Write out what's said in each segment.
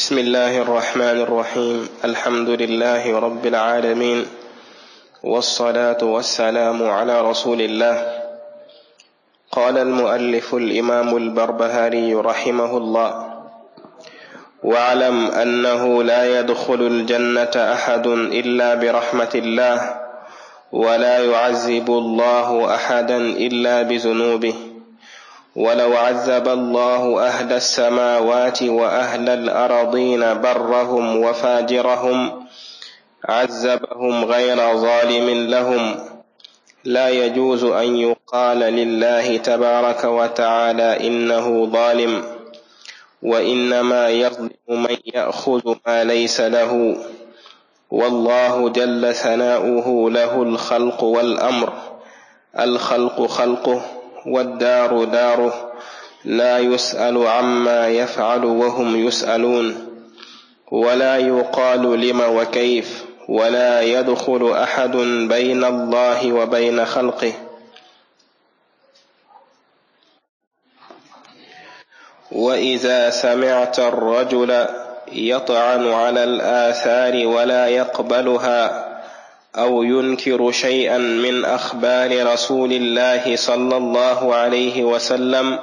بسم الله الرحمن الرحيم الحمد لله رب العالمين والصلاة والسلام على رسول الله قال المؤلف الإمام البربهاري رحمه الله واعلم أنه لا يدخل الجنة أحد إلا برحمة الله ولا يعذب الله أحدا إلا بذنوبه ولو عذب الله أهل السماوات وأهل الأراضين برهم وفاجرهم عذبهم غير ظالم لهم لا يجوز أن يقال لله تبارك وتعالى إنه ظالم وإنما يظلم من يأخذ ما ليس له والله جل ثناؤه له الخلق والأمر الخلق خلقه waddaaru daaru laa yusalu amma yafcalu wahum yusaluun wala yuqaalu lima wa kayf wala yadxulu axadun bayna allahi wa bayna xalqih وإذا سمعت الرجل يطعن على الآثار ولا يقبلها او ينكر شيئا من اخبار رسول الله صلى الله عليه وسلم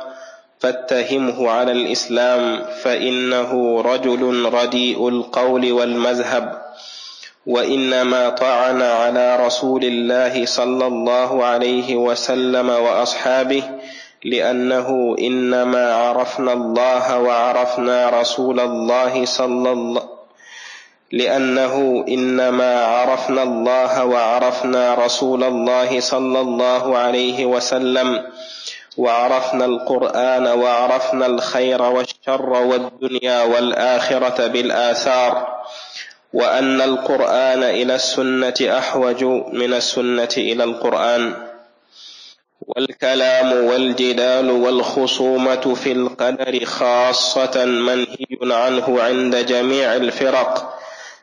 فاتهمه على الاسلام فانه رجل رديء القول والمذهب وانما طعن على رسول الله صلى الله عليه وسلم واصحابه لانه انما عرفنا الله وعرفنا رسول الله صلى الله لانه انما عرفنا الله وعرفنا رسول الله صلى الله عليه وسلم وعرفنا القران وعرفنا الخير والشر والدنيا والاخره بالاثار وان القران الى السنه احوج من السنه الى القران والكلام والجدال والخصومه في القدر خاصه منهي عنه عند جميع الفرق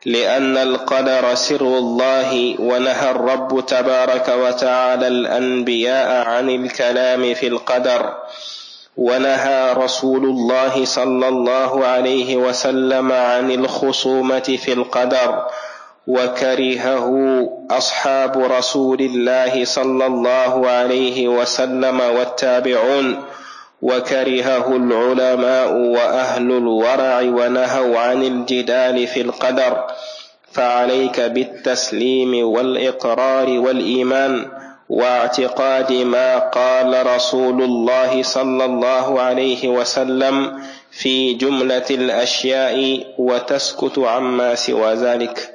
لأن القدر سر الله ونهى الرب تبارك وتعالى الأنبياء عن الكلام في القدر ونهى رسول الله صلى الله عليه وسلم عن الخصومة في القدر وكرهه أصحاب رسول الله صلى الله عليه وسلم والتابعون وكرهه العلماء واهل الورع ونهوا عن الجدال في القدر فعليك بالتسليم والاقرار والايمان واعتقاد ما قال رسول الله صلى الله عليه وسلم في جمله الاشياء وتسكت عما سوى ذلك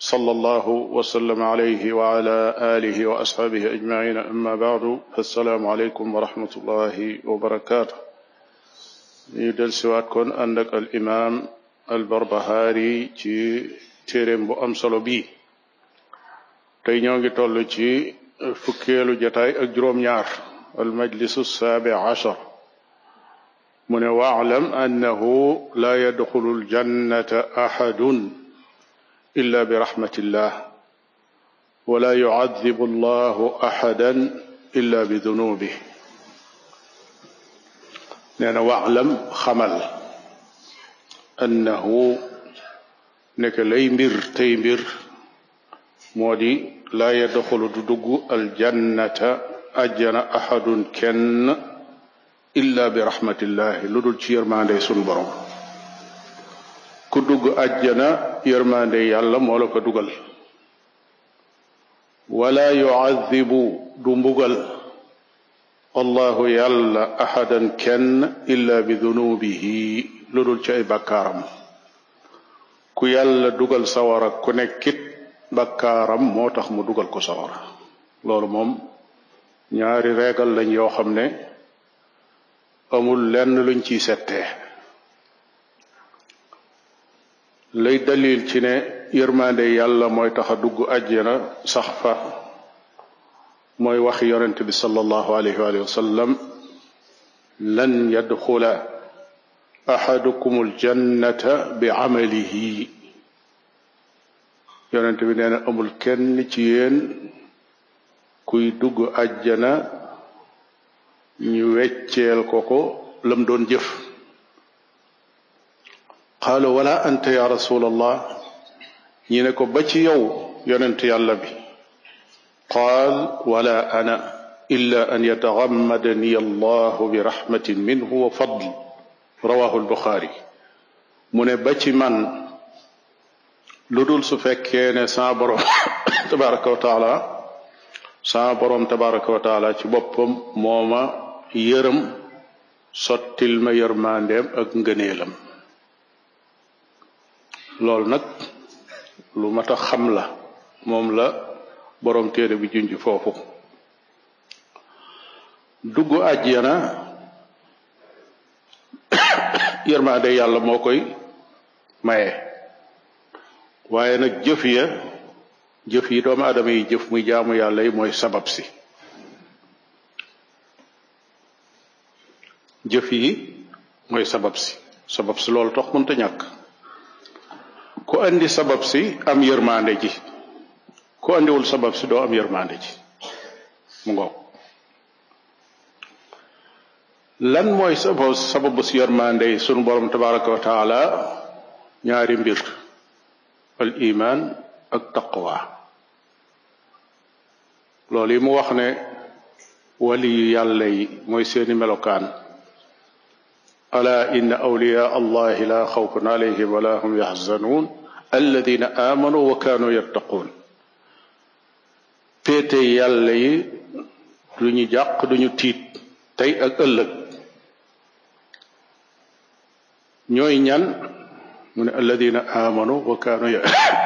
sallallahu wa sallam alayhi wa ala alihi wa asxaabihi ajmain amma baadu assalaamu aleykum wa rahmatullahi wa barakaatu ñu del siwaat kon ànd ak al imaam al barbahaari ci téeréem bu am solo bii tey ñoo ngi toll ci fukkeelu jataay ak juróom-ñaar al majlisu saabi ashar mu ne waalam annahu laa yadxulu al jannata ahadun illa bi raxmatillah wala yucadibu allahu axadan illa bi dunubi nee na waxlam xamal annahu nekk lay mbir tey mbir moo di laa yadxulu du dugg aljannata ajjana axadun kenn illa bi raxmatillahi lu dul ci yërmaande sun borom dugg àjjana yërmande yàlla moo la ko dugal wala yuazibu du mbugal allahu yàlla ahadan kenn illa bi dunubihi lu dul ci ay bàkkaaram ku yàlla dugal sawara ku nekkit bakkaaram moo tax mu dugal ko sawara loolu moom ñaari reegal lañ yoo xam ne amul lenn luñ ciy settee lay dalil ci ne yërmande yàlla mooy tax a dugg àjjana sax fa mooy waxi yonent bi sallallahu alayhi wa sallam lan xula ahadukum aljannata bi amalihi yonent bi nena amul kenn ci yéen kuy dugg àjjana ñu wecceel ko ko lam doon jëf qaala wala anta ya rasulallah ñi ne ko ba ci yow yonent yàlla bi qaal wala ana illa an yataxammadani allahu bi rahmatin minhu wa fadl rawahu albuxaari mu ne ba ci man lu dul su fekkee ne sa borom tabaraka wa taala sa borom tabaraka wa taala ci boppam moo ma yërëm sottil ma yërmandeem ak ngëneelam loolu nag lu mat xam la moom la boroom téere bi junj foofu dugg àjjana yërmaande yàlla moo koy maye waaye nag jëf ya jëf yi doomu aadama yi jëf muy jaamu yàlla yi mooy sabab si jëf yi mooy sabab si sabab si loolu tax mënta ñàkk ku andi sabab si am yërmande ji ku andiwul sabab si doo am yërmande ji mu ngoog lan mooy sabab sababu su yërmande yi borom tabaraka wa taala ñaari mbir al iman ak taqwa loolu yi mu wax ne wali yu yàlla yi mooy seeni melokaan ألا إن أولياء الله لا خوف عليهم ولا هم يحزنون الذين آمنوا وكانوا يتقون féete yàlla yi du ñu jàq du ñu tiit tey ak ëllëg ñooy ñan mu ne alladina amanu wa kaanu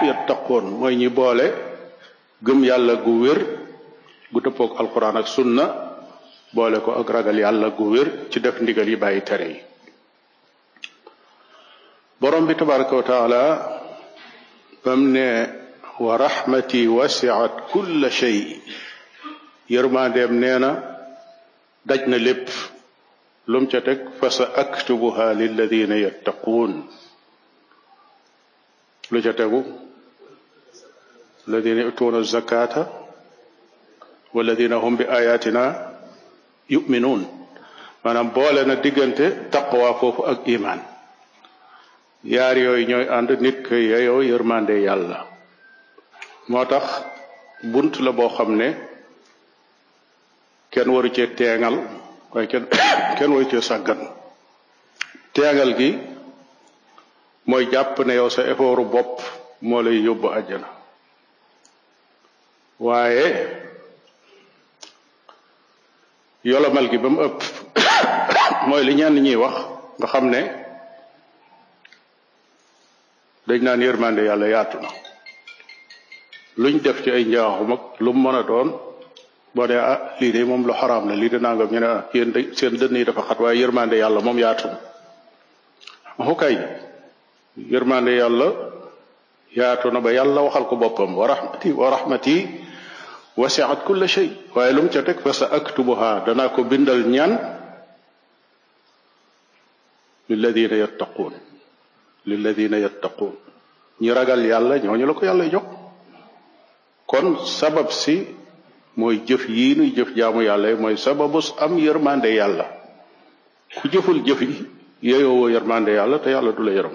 yattaqoon mooy ñi boole gëm yàlla gu wér gu dëppook alquran ak sunna boole ko ak ragal yàlla gu wér ci def ndigal yi bàyyi tere yi borom bi tabaraka wa taala bam ne wa rahmati wasiat kulla shay yërmaandeem nee na daj na lépp lum ca teg fa sa aktubuha lilladina yattaquun ca tegu alladina yutuuna zakata walladina hum bi ayatina yuminuun maanaam boole na diggante taqwa foofu ak iman yaar yooyu ñooy ànd nit ko yeyoo yërmande yàlla moo tax bunt la boo xam ne kenn waru cee teengal waaye kenn kenn waru cee sàggan teengal gi mooy jàpp ne yow sa effortu bopp moo lay yóbbu àjjana waaye yolomal gi ba mu ëpp mooy li ñenn ñuy wax nga xam ne dañ naan yërmande yàlla yaatu luñ def ci ay njaaxum ak mën a doon boo dee ah lii de moom lu xaraam la lii de nangam ñu ne ah yéen seen dënn yi dafa xat waaye yërmande yàlla moom yaatu na kay yërmande yàlla yaatu ba yàlla waxal ko boppam wa rahmati wa rahmati wasiat kulla waaye lu mu ca teg fa sa aktubuha danaa ko bindal ñaan lilladina yattaquun lilladina yattaquun ñi ragal yàlla ñooñu la ko yàlla jox kon sabab si mooy jëf yii jëf jaamu yàlla yi mooy sababus am yërmande yàlla ku jëful jëf yi yeyoowoo yërmande yàlla te yàlla du la yërëm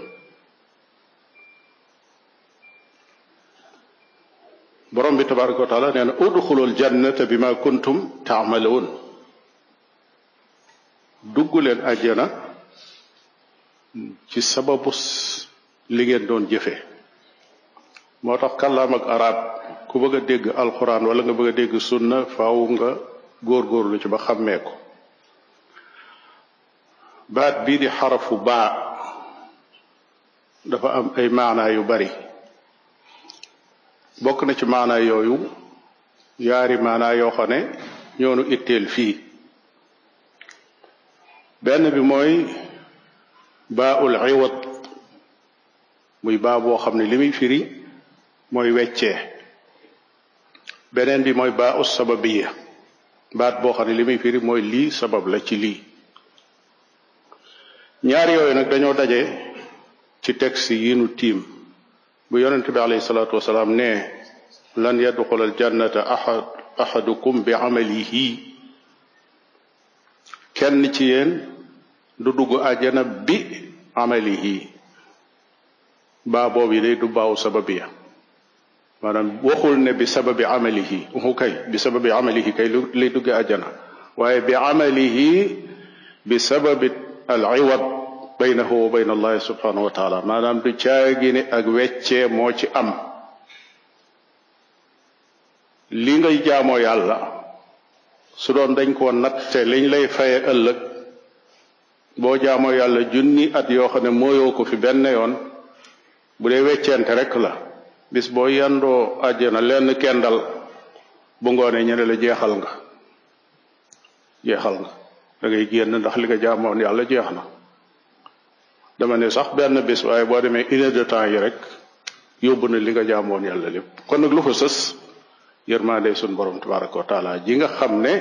borom bi tabaraka wa taala nee na udxulul jannata bima kuntum taamaloon dugg leen àjjana ci sababu li ngeen doon jëfe moo tax kàllaam ak arab ku bëgg a dégg alxuraan wala nga bëgg a dégg sunna faaw nga góor góorlu ci ba xàmmee ko baat bii di xarafu baa dafa am ay maanaa yu bari bokk na ci maanaa yooyu yaari maanaa yoo xam ne ñoonu itteel fii benn bi mooy baaul iwat muy baa boo xam ne li muy firi mooy weccee beneen bi mooy baa u sababiya baat boo xam ne li muy firi mooy lii sabab la ci lii ñaar yooyu nag dañoo daje ci texte yi nu tiim bu yonent bi alayhi salaatu wasalaam ne lan yadxul aljannata ahad ahadukum bi amalihi kenn ci yéen du dugg àjjana bi amalihi baa boobu yi day du baaw sababiya maanaam waxul ne bi sababi amalihi uhu kay bi sababi amalihi kay lay dugge àjjana waaye bi amalihi bi sababi al iwad baynahu wa bayna allahi subhanahu wa taala maanaam du caagi ne ak moo ci am lii ngay jaamoo yàlla su doon dañ koo natte liñ lay faye ëllëg boo jaamoo yàlla junni at yoo xam ne mooyoo ko fi benn yoon bu dee weccente rek la bis boo yandoo àjjana lenn dal bu ngoonee ñu ne la jeexal nga jeexal nga da génn ndax li nga jaamoon yàlla jeex na dama ne sax benn bis waaye boo demee une de temps yi rek yóbbu na li nga jaamoon yàlla lépp kon nag lu fa sës yërmaande suñ borom tabaraka wa ji nga xam ne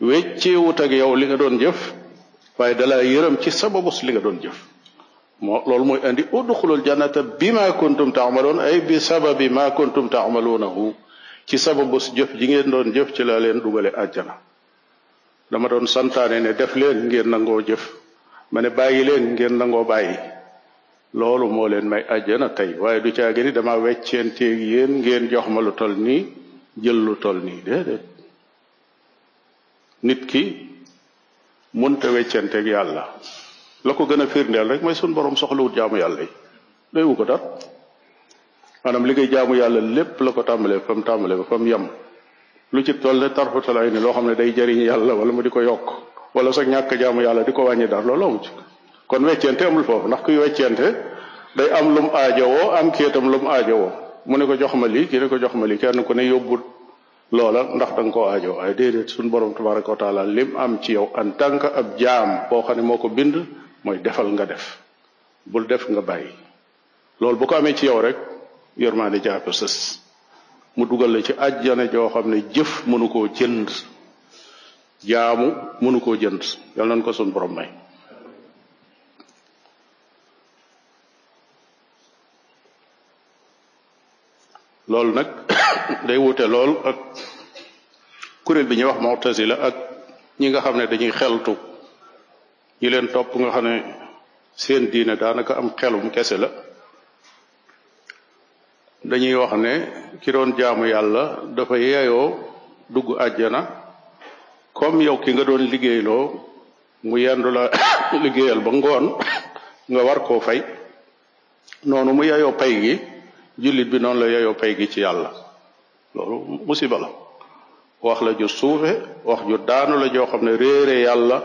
wecceewut ak yow li nga doon jëf waaye dalaa yërëm ci sababus li nga doon jëf moo loolu mooy indi udxulul jannata bi ma kuntum taamaloon ay bi sababi ma kuntum taamaluunahu ci sababus jëf ji ngeen doon jëf ci la leen dugale àjjana dama doon santaane ne def leen ngeen nangoo jëf ma ne bàyyi leen ngeen nangoo bàyyi loolu moo leen may àjjana tey waaye du caagi ni dama wecceenteeg yéen ngeen jox ma lu tol nii jël lu tol nii déedéet nit ki mënta weccanteeg yàlla la ko gën a firndeel rek mooy suñ borom soxlawut jaamu yàlla yi doywu ko dara maanaam li ngay jaamu yàlla lépp la ko tàmbalee fa mu tàmbalee ba fa mu lu ci toll ne tarfatalaay ni loo xam ne day jariñ yàlla wala mu di ko yokk wala sax ñàkk jaamu yàlla di ko wàññi dara loolu ci kon weccente amul foofu ndax kuy weccente day am lum aajowoo am kii itam lum aajowoo mu ne ko jox ma lii kii ne ko jox ma lii kenn ku ne yóbbu loola ndax danga nga koo aajoo waaye déedéet suñu borom tabaraka wa lim am ci yow en tant ab jaam boo xam ne moo ko bind mooy defal nga def bul def nga bàyyi loolu bu ko amee ci yow rek yërmaande jàpp sës mu dugal la ci ajjana joo xam ne jëf mënu koo jënd jaamu mënu koo jënd yal nañ ko suñu borom may loolu nag day wute lool ak kuréel bi ñuy wax la ak ñi nga xam ne dañuy xeltu ñi leen topp nga xam ne seen diine daanaka am xelum kese la dañuy wax ne ki doon jaamu yàlla dafa yeeyoo dugg àjjana kom yow ki nga doon liggéeyloo mu yendu la liggéeyal ba ngoon nga war koo fay noonu mu yeyoo pay gi jullit bi noonu la yeyoo pay gi ci yàlla loolu musiba la wax ju suufe wax ju daanu joo xam ne réere yàlla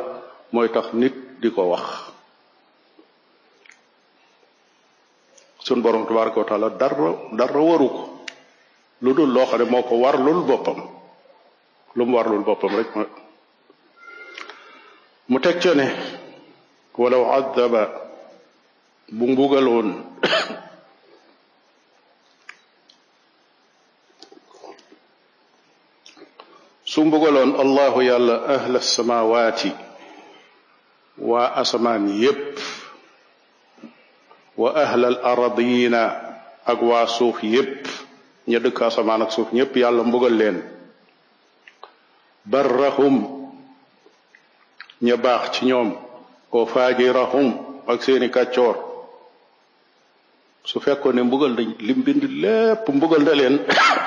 mooy tax nit di ko wax sun borom tabaraka wa taala dara dara lu dul loo ne moo ko warlul boppam lu mu warlul boppam rek mu teg ca ne walaw adaba bu mbugaloon su mbugaloon allahu yàlla ahla samawaati waa asamaan yépp wa ahla al aradina ak waa suuf yépp ña dëkk asamaan ak suuf ñépp yàlla mbugal leen barrahum ña baax ci ñoom wa faajirahum ak seeni kàccoor su fekkoon ne mbugal dañ mbind lépp mbugal da leen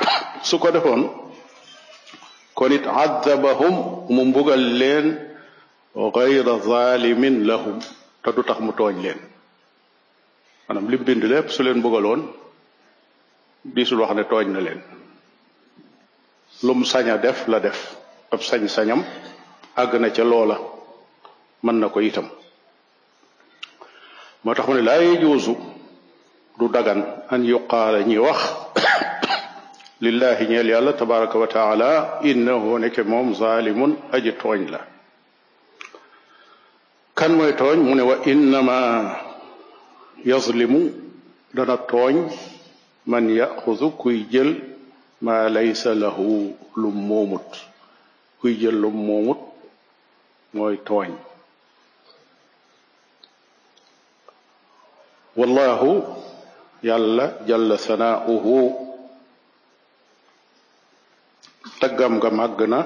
su ko defoon kon it àddabahum mu mbugal leen gayra zalimin lahum te du tax mu tooñ leen maanaam li bind lépp su leen mbugaloon diisul wax ne tooñ na leen lum saña def la def ab sañ-sañam àgg na ca loola mën na ko itam moo tax mu ne laa yajuusu du dagan an yuqaala ñi wax lillaahi ñeel yàlla tabaraka wa taala innahu nekke moom zaalimun aji tooñ la kan mooy tooñ mu ne wa innama yazlimu dana tooñ man yaxudu kuy jël maa laysa lahu lu moomut kuy jël mooy tooñ wallahu yàlla jalla sanaauhu taggam nga màgg na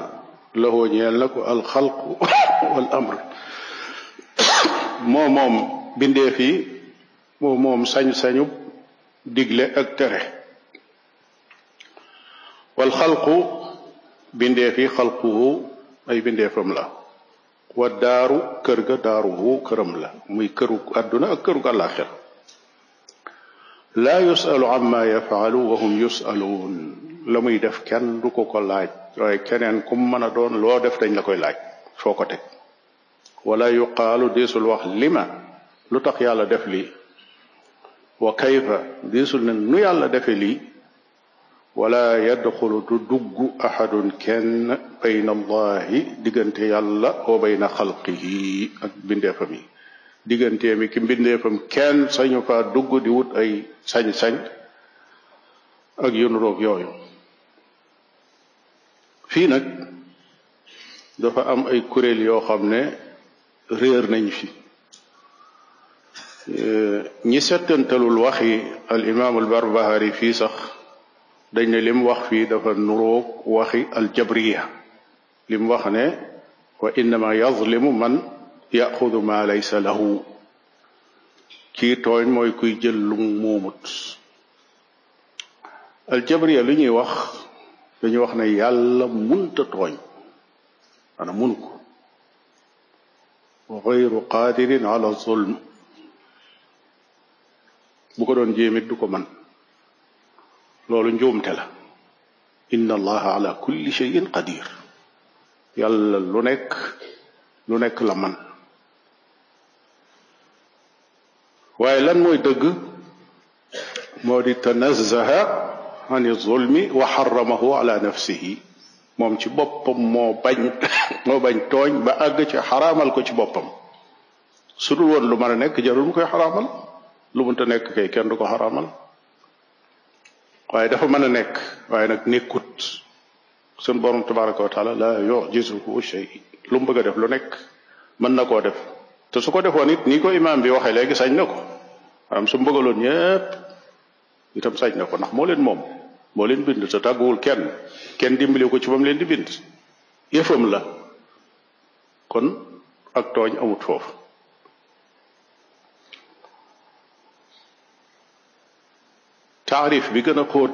laxoo ñeel na ko alxalqu wal amr moo moom bindeef moo moom sañ-sañu digle ak tere wal xalqu bindeef yi xalquhu ay bindeefam la wa daaru kër ga daaruhu këram la muy kërug àdduna ak kërug àllaaxira laa yusalu amma yafaalu wa hum yusaluun la muy def kenn du ko ko laaj waaye keneen ku mën a doon loo def dañ la koy laaj foo ko teg wala yuqaalu diisul wax lima lu tax yàlla def lii wa kayfa diisul ne nu yàlla defe lii wala yadxulu du dugg ahadun kenn bayna allahi diggante yàlla wa bayna xalqihi ak mbindeefam yi ki mbindeefam kenn sañu faa dugg di wut ay sañ-sañ ak yu nuroog yooyu fii nag dafa am ay kuréel yoo xam ne réer nañ fi ñi settantalul wax al imaam al barbahari fii sax dañ ne lim wax fii dafa nuroog waxi al jabriya lim wax ne wa innama yazlimu man yaxudu ma laysa lahu kii tooñ mooy kuy jël lu moomut al jabriya lu ñuy wax dañu wax ne yàlla munta tooñ ana mun ko gayru qaadirin ala zulm bu ko doon jéemit du ko man loolu njuumte la inna allaha ala kulli cheyin qadir yàlla lu nekk lu nekk la man waaye lan mooy dëgg moo di tanazzaha ani zulmi wa xaramahu ala nafsihi moom ci boppam moo bañ moo bañ tooñ ba àgg ci xaraamal ko ci boppam su dul woon lu man a nekk jarul mu koy xaraamal lu munta nekk kay kenn du ko xaraamal waaye dafa mën a nekk waaye nag nekkut sun borom tabaraka wa taala la yujizuhu shay lu mu bëgg a def lu nekk mën na koo def te su ko defoon it nii koy imaam bi waxee léegi sañ na ko maanaam su mu bëggaloon ñëpp itam sañ na ko ndax moo leen moom moo leen bind te tàgguwul kenn kenn dimbali ko ci ba mu leen di bind yëfam la kon ak tooñ amut foofu taarif bi gën a xóot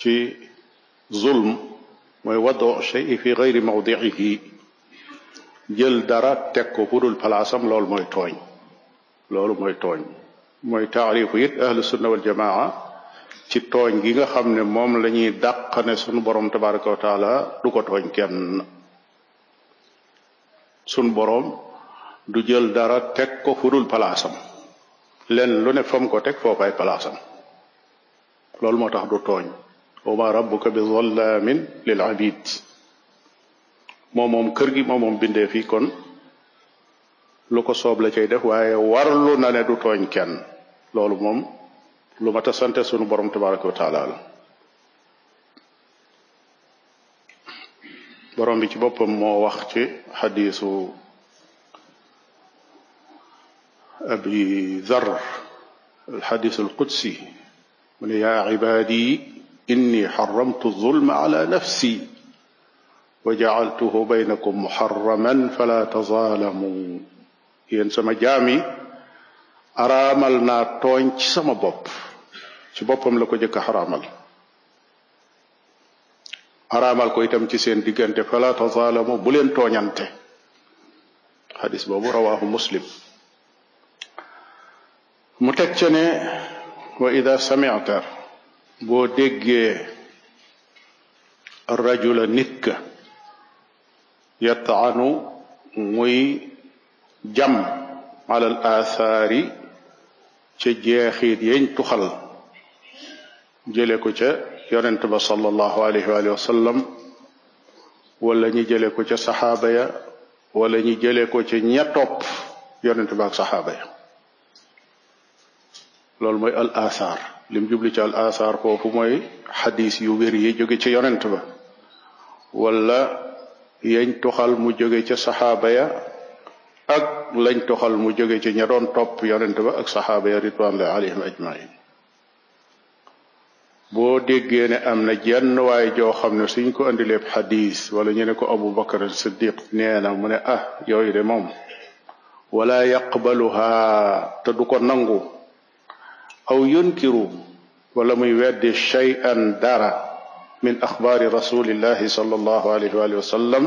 ci zulm mooy waddo shay fi gayri mawdiihi jël dara teg ko fu dul palaasam loolu mooy tooñ loolu mooy tooñ mooy taarifu it ahlu sunna wal jamaa ci tooñ gi nga xam ne moom la ñuy dàq ne sunu borom tabaraka wa taala du ko tooñ kenn sunu borom du jël dara teg ko fudul palaasam len lu ne fam ko teg foofay palaasam loolu moo tax du tooñ wa ma rabbuka bi zallamin lil abid moom moom kër gi moom moom bindee fii kon lu ko soob la cay def waaye warlu na ne du tooñ kenn loolu moom lu mat a sante sunu borom tabaraka wa taala la borom bi ci boppam moo wax ci xadiisu abi dhar alxadiisu alqudsi mu ne yaa cibaadi inni xaramtu zulma ala nafsi wa jacaltuhu baynakum muxarraman fala tazaalamu yéen sama jaam yi araamal naa tooñ ci sama bopp ci boppam la ko jëkk a xaraamal araamal ko itam ci seen diggante fala tazaalamu bu tooñante xadis boobu rawaahu muslim mu teg ca ne wa ida samita boo déggee rajula nit yataanu muy jam ala ca jeexit yeñ tuxal jële ko ca yonent ba sallallahu alayhi wa sallam wala ñu jële ko ca saxaaba ya wala ñu jële ko ca ña topp yonent ba ak saxaaba ya loolu mooy al athar lim jubli ci al athar foofu mooy xadis yu wér yi jóge ca yonent ba wala yañ tuxal mu jóge ca saxaaba ya ak lañ toxal mu jóge ci ña doon topp yonent ba ak saxaaba ya ridwanullahi alayhim ajmain boo déggee ne am na jenn waay joo xam ne suñ ko indileeb xadis wala ñu ne ko abu bakar siddiq nee na mu ne ah yooyu de moom wala yaqbaluha te du ko nangu aw yunkiru wala muy weddi shay'an dara min axbaari rasulillahi sallallahu alayhi wa sallam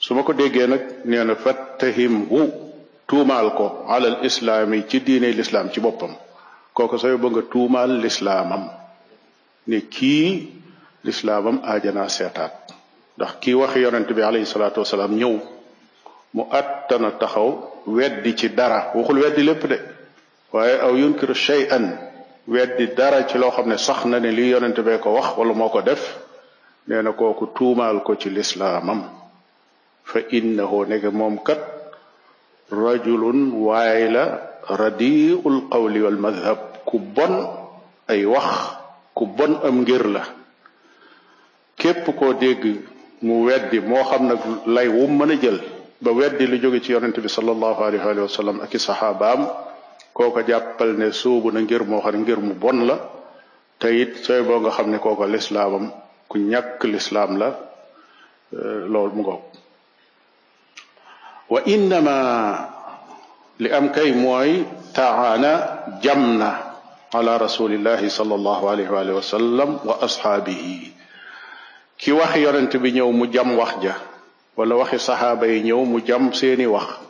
su ma ko déggee nag nee na fattahim hu tuumaal ko alal islaami ci diine lislaam ci boppam kooku sooy bëgg nga tuumaal lislaamam ne kii lislaamam aajanaa seetaat ndax kii wax yonent bi alayhi salaatu wasalaam ñëw mu attana taxaw weddi ci dara waxul weddi lépp de waaye aw yunkiru shay'an weddi dara ci loo xam ne sax na ne lii yonent bee ko wax wala moo ko def nee na kooku tuumaal ko ci lislaamam fa innahu nekk moom kat rajulun waay la radiul qawli wal madhab ku bon ay wax ku bon am ngir la képp koo dégg mu weddi moo xam nag lay wu mën a jël ba weddi lu jóge ci yonente bi sallallahu alayhi wa sallam ak i saxaabaam kooka jàppal ne suubu na ngir moo xam ne ngir mu bon la te it sooy boo nga xam ne kooka lislaamam ku ñàkk lislaam la euh, loolu mu ngoog wa innama li am kay mooy taana jam na ala rasulillahi sallallahu alayhi waalihi wa sallam wa ashaabihi ki wax yonent bi ñëw mu jam wax ja wala waxi saxaaba yi ñëw mu jam seeni wax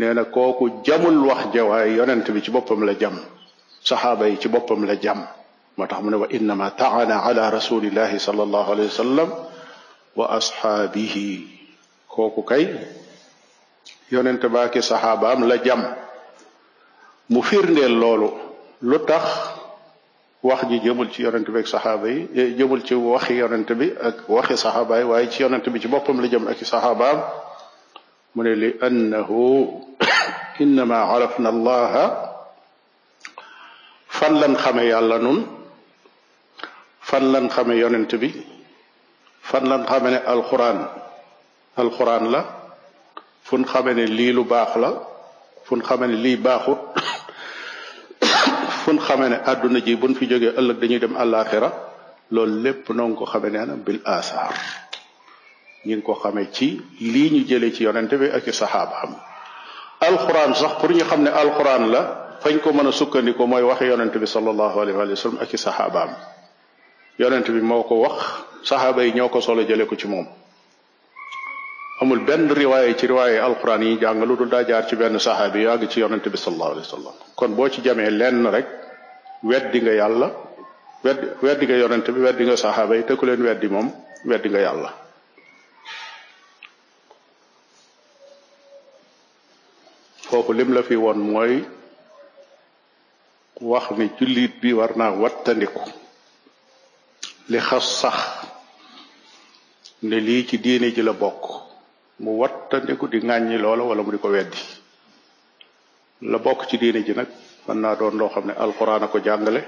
nee na kooku jamul wax ja waaye yonent bi ci boppam la jam saxaaba yi ci boppam la jam moo tax mu ne wa innama taana ala rasulillahi sallallahu alayhi wa sallam wa ashaabihi kooku kay yonente baa ki saxaabaam la jam mu firndeel loolu lu tax wax ji jëmul ci yonente bi ak saxaaba yi eh, jëmul ci waxi yonente bi ak waxi saxaaba yi waaye ci yonente bi ci boppam la jëm ak i saxaabaam mu ne li annahu innama arafna allaha fan lan xame yàlla nun fan lan xame yonente bi fan lan xame ne alquran alquran la fu ñu ne lii lu baax la fu ñu ne lii baaxut fu xame ne àdduna ji buñ fi jógee ëllëg dañuy dem àllaaxira loolu lépp noo ko xamee nee na bil asaar ñi ngi ko xame ci lii ñu jëlee ci yonente bi ak i saxaabaam alxuraan sax pour ñu xam ne alxuraan la fañ ko mën a sukkandiku mooy waxe yonente bi sallallahu alayhi wa sallam ak i saxaabaam yonente bi moo ko wax saxaaba yi ñoo ko solo jëlee ko ci moom amul benn riwaayé ci riwaayé alquran yi jàng lu dul daa ci benn saxaabi yu àgg ci yonente bi sallallahu alayhi wa sallam kon boo ci jamee lenn rek weddi nga yàlla wedd bi weddi nga saxaaba yi te ku leen weddi moom weddi nga yàlla foofu lim la fi woon mooy wax ni jullit bi war naa wattandiku li xas sax ne lii ci diine ji la bokk mu wattandiku di ŋàññi loola wala mu di ko weddi la bokk ci diine ji nag mën naa doon loo xam ne alquran a ko jàngale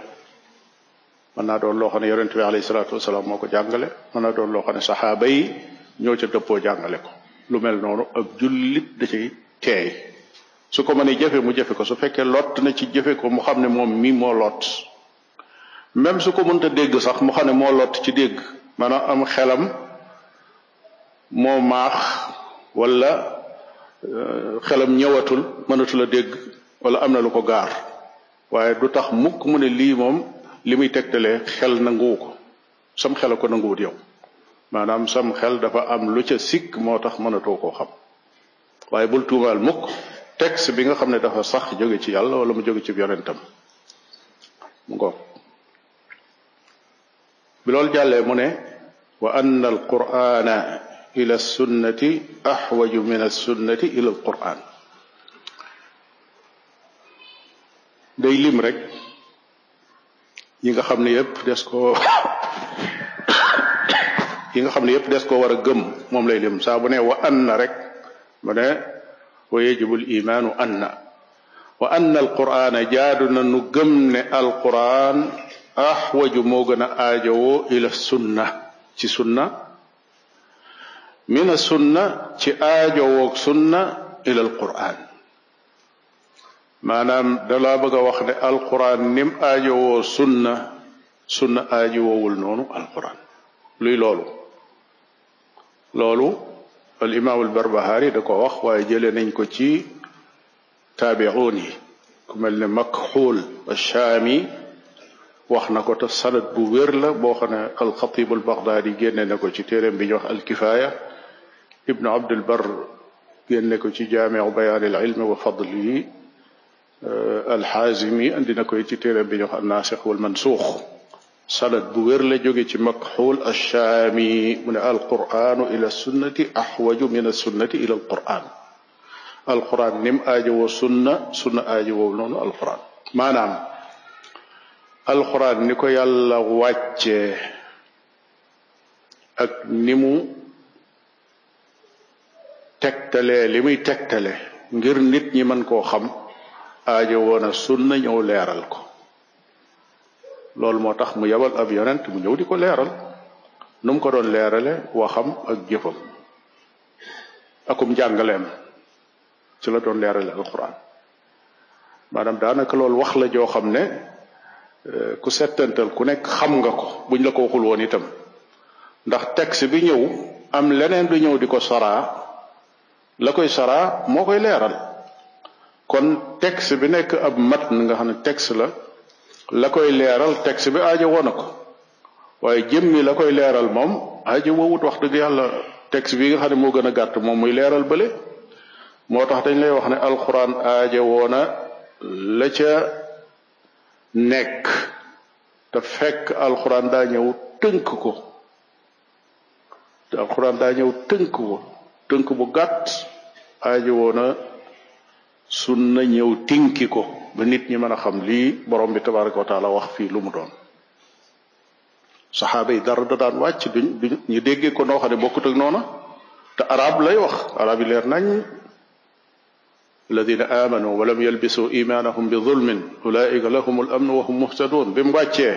mën naa doon loo xam ne yonent bi alayhi salaatu wasalaam moo ko jàngale mën naa loo xam ne saxaaba yi ñoo ca dëppoo jàngale ko lu mel noonu ab jullit da ci teey su ko mënee jëfe mu jëfe ko su fekkee lott na ci jëfe ko mu xam ne moom mii moo lott même su ko mënta dégg sax mu xam ne moo lott ci dégg maanaam am xelam moo maax walla euh, xelam ñëwatul mënatul a dégg wala am na lu ko gaar waaye du tax mukk mu ne lii moom li muy tegtale xel nanguwu ko sam xel a ko nanguwut yow maanaam sam xel dafa am lu ca sikk moo tax mënatoo koo xam waaye bul tuumaal mukk texte bi nga xam ne dafa sax jóge ci yàlla walla mu jóge ci yonentam mu ngoog bi loolu jàllee mu ne wa anna al ila alsunnati axwaju min alsunnati ila alquran day lim rek yi nga xam ne yëpp des koo yi nga xam ne yëpp des koo war a gëm moom lay lim saa bu ne wa anna rek mu ne wa yajibu limaanu anna wa anna alqurana jaadu na nu gëm ne alquran axwaju moo gën a aajowoo ila sunna ci sunna min a sunna ci aajowoog sunna ila al quraan maanaam dalaa bëgg a wax ne alquran nim aajowoo sunna sunna aajowoowul noonu alquran luy loolu loolu al imaam al barbahaari da ko wax waaye jële nañ ko ci taabi'uun ku mel ne makxuul ashaami wax na ko te sanad bu wér la boo xam ne alxatib al bagdaadi génne na ko ci téeréem bi ñu wax alkifaaya ibnu abdul bar génne ko ci jaamiu bayaanil ilmi wa fadlihi euh, alxaazimi andi na koy ci téere bi ñu wax annaasix wal mansuux sanad bu wér la jóge ci makxuul ashaami mu ne alquranu ila sunnati axwaju min assunnati ila alquran alquran nim aajowoo sunna sunna aajowoo noonu alquran maanaam alquran ni ko yàlla wàccee ak ni mu tegtalee li muy tegtale ngir nit ñi mën koo xam aajo woon a sunna ñëw leeral ko loolu moo tax mu yebal ab yonent mu ñëw di ko leeral nu mu ko doon leerale waxam ak jëfam akum jàngaleem ci la doon leerale alquran maanaam daanaka loolu wax la joo xam ne eh, ku settantal ku nekk xam nga ko buñ la ko waxul woon itam ndax texte bi ñëw am leneen du ñëw di ko soraa la koy sara moo koy leeral kon texte bi nekk ab matn nga xam ne texte la la koy leeral texte bi aajo woon na ko waaye jëmmi la koy leeral moom aajo woowut wax dëgg yàlla texte bi nga xam ne moo gën a gàtt moom muy leeral bale moo tax dañ lay wax ne alxuraan aajo woon na la ca nekk te fekk alxuraan daa ñëw tënk ko te alxuraan daa ñëw tënk ko tënk bu gàtt aaji woona sunna ñëw tinki ko ba nit ñi mën a xam lii borom bi tabaraka wa taala wax fii lu mu doon saxaaba yi dara da daan wàcc duñ dégg ko noo xam ne bokkut ak noona te arab lay wax arab yi leer nañ alladina amanu wa lam yalbisu imanahum bi zulmin ulaika lahum al wa hum muhtadun bi mu wàccee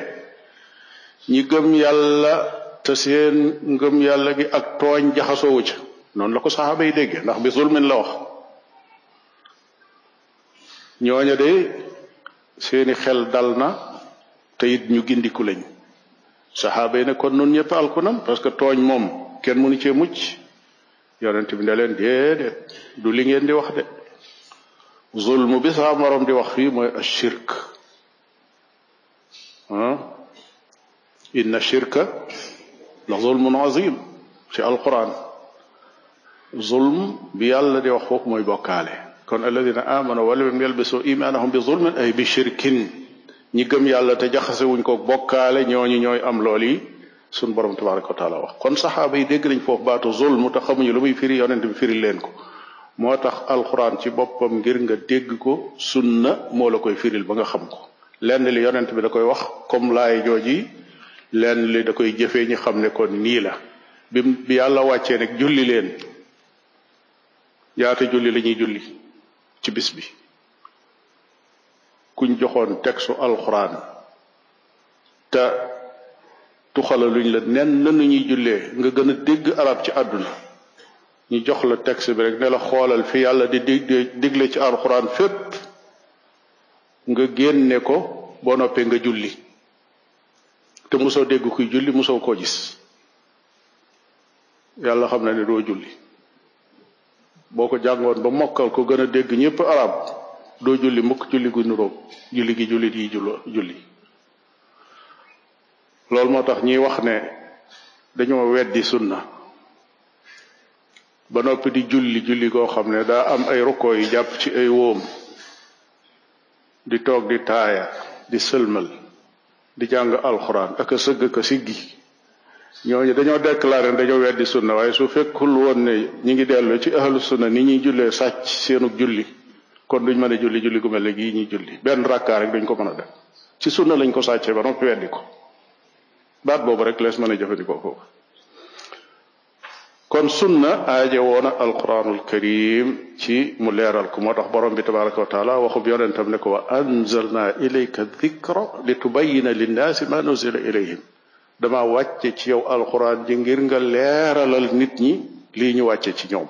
ñi gëm yàlla te seen ngëm yàlla gi ak tooñ jaxasoowu ca noonu la ko saxaaba yi dégge ndax bi zulmin la wax ñooña de seeni xel dal na te it ñu gindiku lañ saxaaba yi ne kon nun ñëpp alkunam parce que tooñ moom kenn mënu cee mucc yonent bi ne leen déedéet du li ngeen di wax de zulm bi saa di wax fii mooy ashirk ah inna shirka la zulmun azim ci alquran zulm bi yàlla di wax foofu mooy bokkaale kon alladina amanu wa soo yalbisu imanahum bi zulmin ay bi shirkin ñi gëm yàlla te jaxase wuñ ko bokkaale ñooñu ñooy am lool yi suñ borom tabaraka wa taala wax kon saxaaba yi dégg nañ foofu baatu zulm te xamuñu lu muy firi yonent bi firi leen ko moo tax alxuraan ci boppam ngir nga dégg ko sunna moo la koy firil ba nga xam ko lenn li yonent bi da koy wax comme laay jooji lenn li da koy jëfee ñi xam ne kon nii la bi bi yàlla wàccee nag julli leen ñaata julli lañuy ñuy julli ci bis bi kuñ joxoon textu alxuraan te tuxala luñ la nen na nu ñuy jullee nga gën a dégg arab ci àdduna ñu jox la texte bi rek ne la xoolal fi yàlla di dig digle ci alxuraan fépp nga génne ko boo noppee nga julli te mosoo dégg kuy julli mosoo koo gis yàlla xam ne ne doo julli boo ko jàngoon ba mokkal ko gën a dégg ñëpp arab doo julli mukk julli gu niroog julli gi jullit yi julli loolu moo tax ñuy wax ne dañoo di sunna ba noppi di julli julli goo xam ne daa am ay rukkoo yu jàpp ci ay wóom di toog di taaya di sëlmal di jàng alxuraan ak a sëgg ka siggi ñooñu dañoo déclaré dañoo weddi sunna waaye su fekkul woon ne ñi ngi dellu ci ahlu sunna ni ñuy jullee sàcc seenu julli kon duñ mën a julli julli gu mel ne gii ñuy julli benn rakkaa rek duñ ko mën a def ci sunna lañ ko sàccee ba noppi weddi ko baat boobu rek lees mën a jëfandikoo foofu kon sunna aaje woona alquranul karim ci mu leeral ku moo tax borom bi tabaraka wa taala waxub tam ne ko wa anzalna ilayka dikra li tubayina linnaasi ma nuzila ilayhim dama wàcce ci yow alxuraan ji ngir nga leeralal nit ñi lii ñu wàcce ci ñoom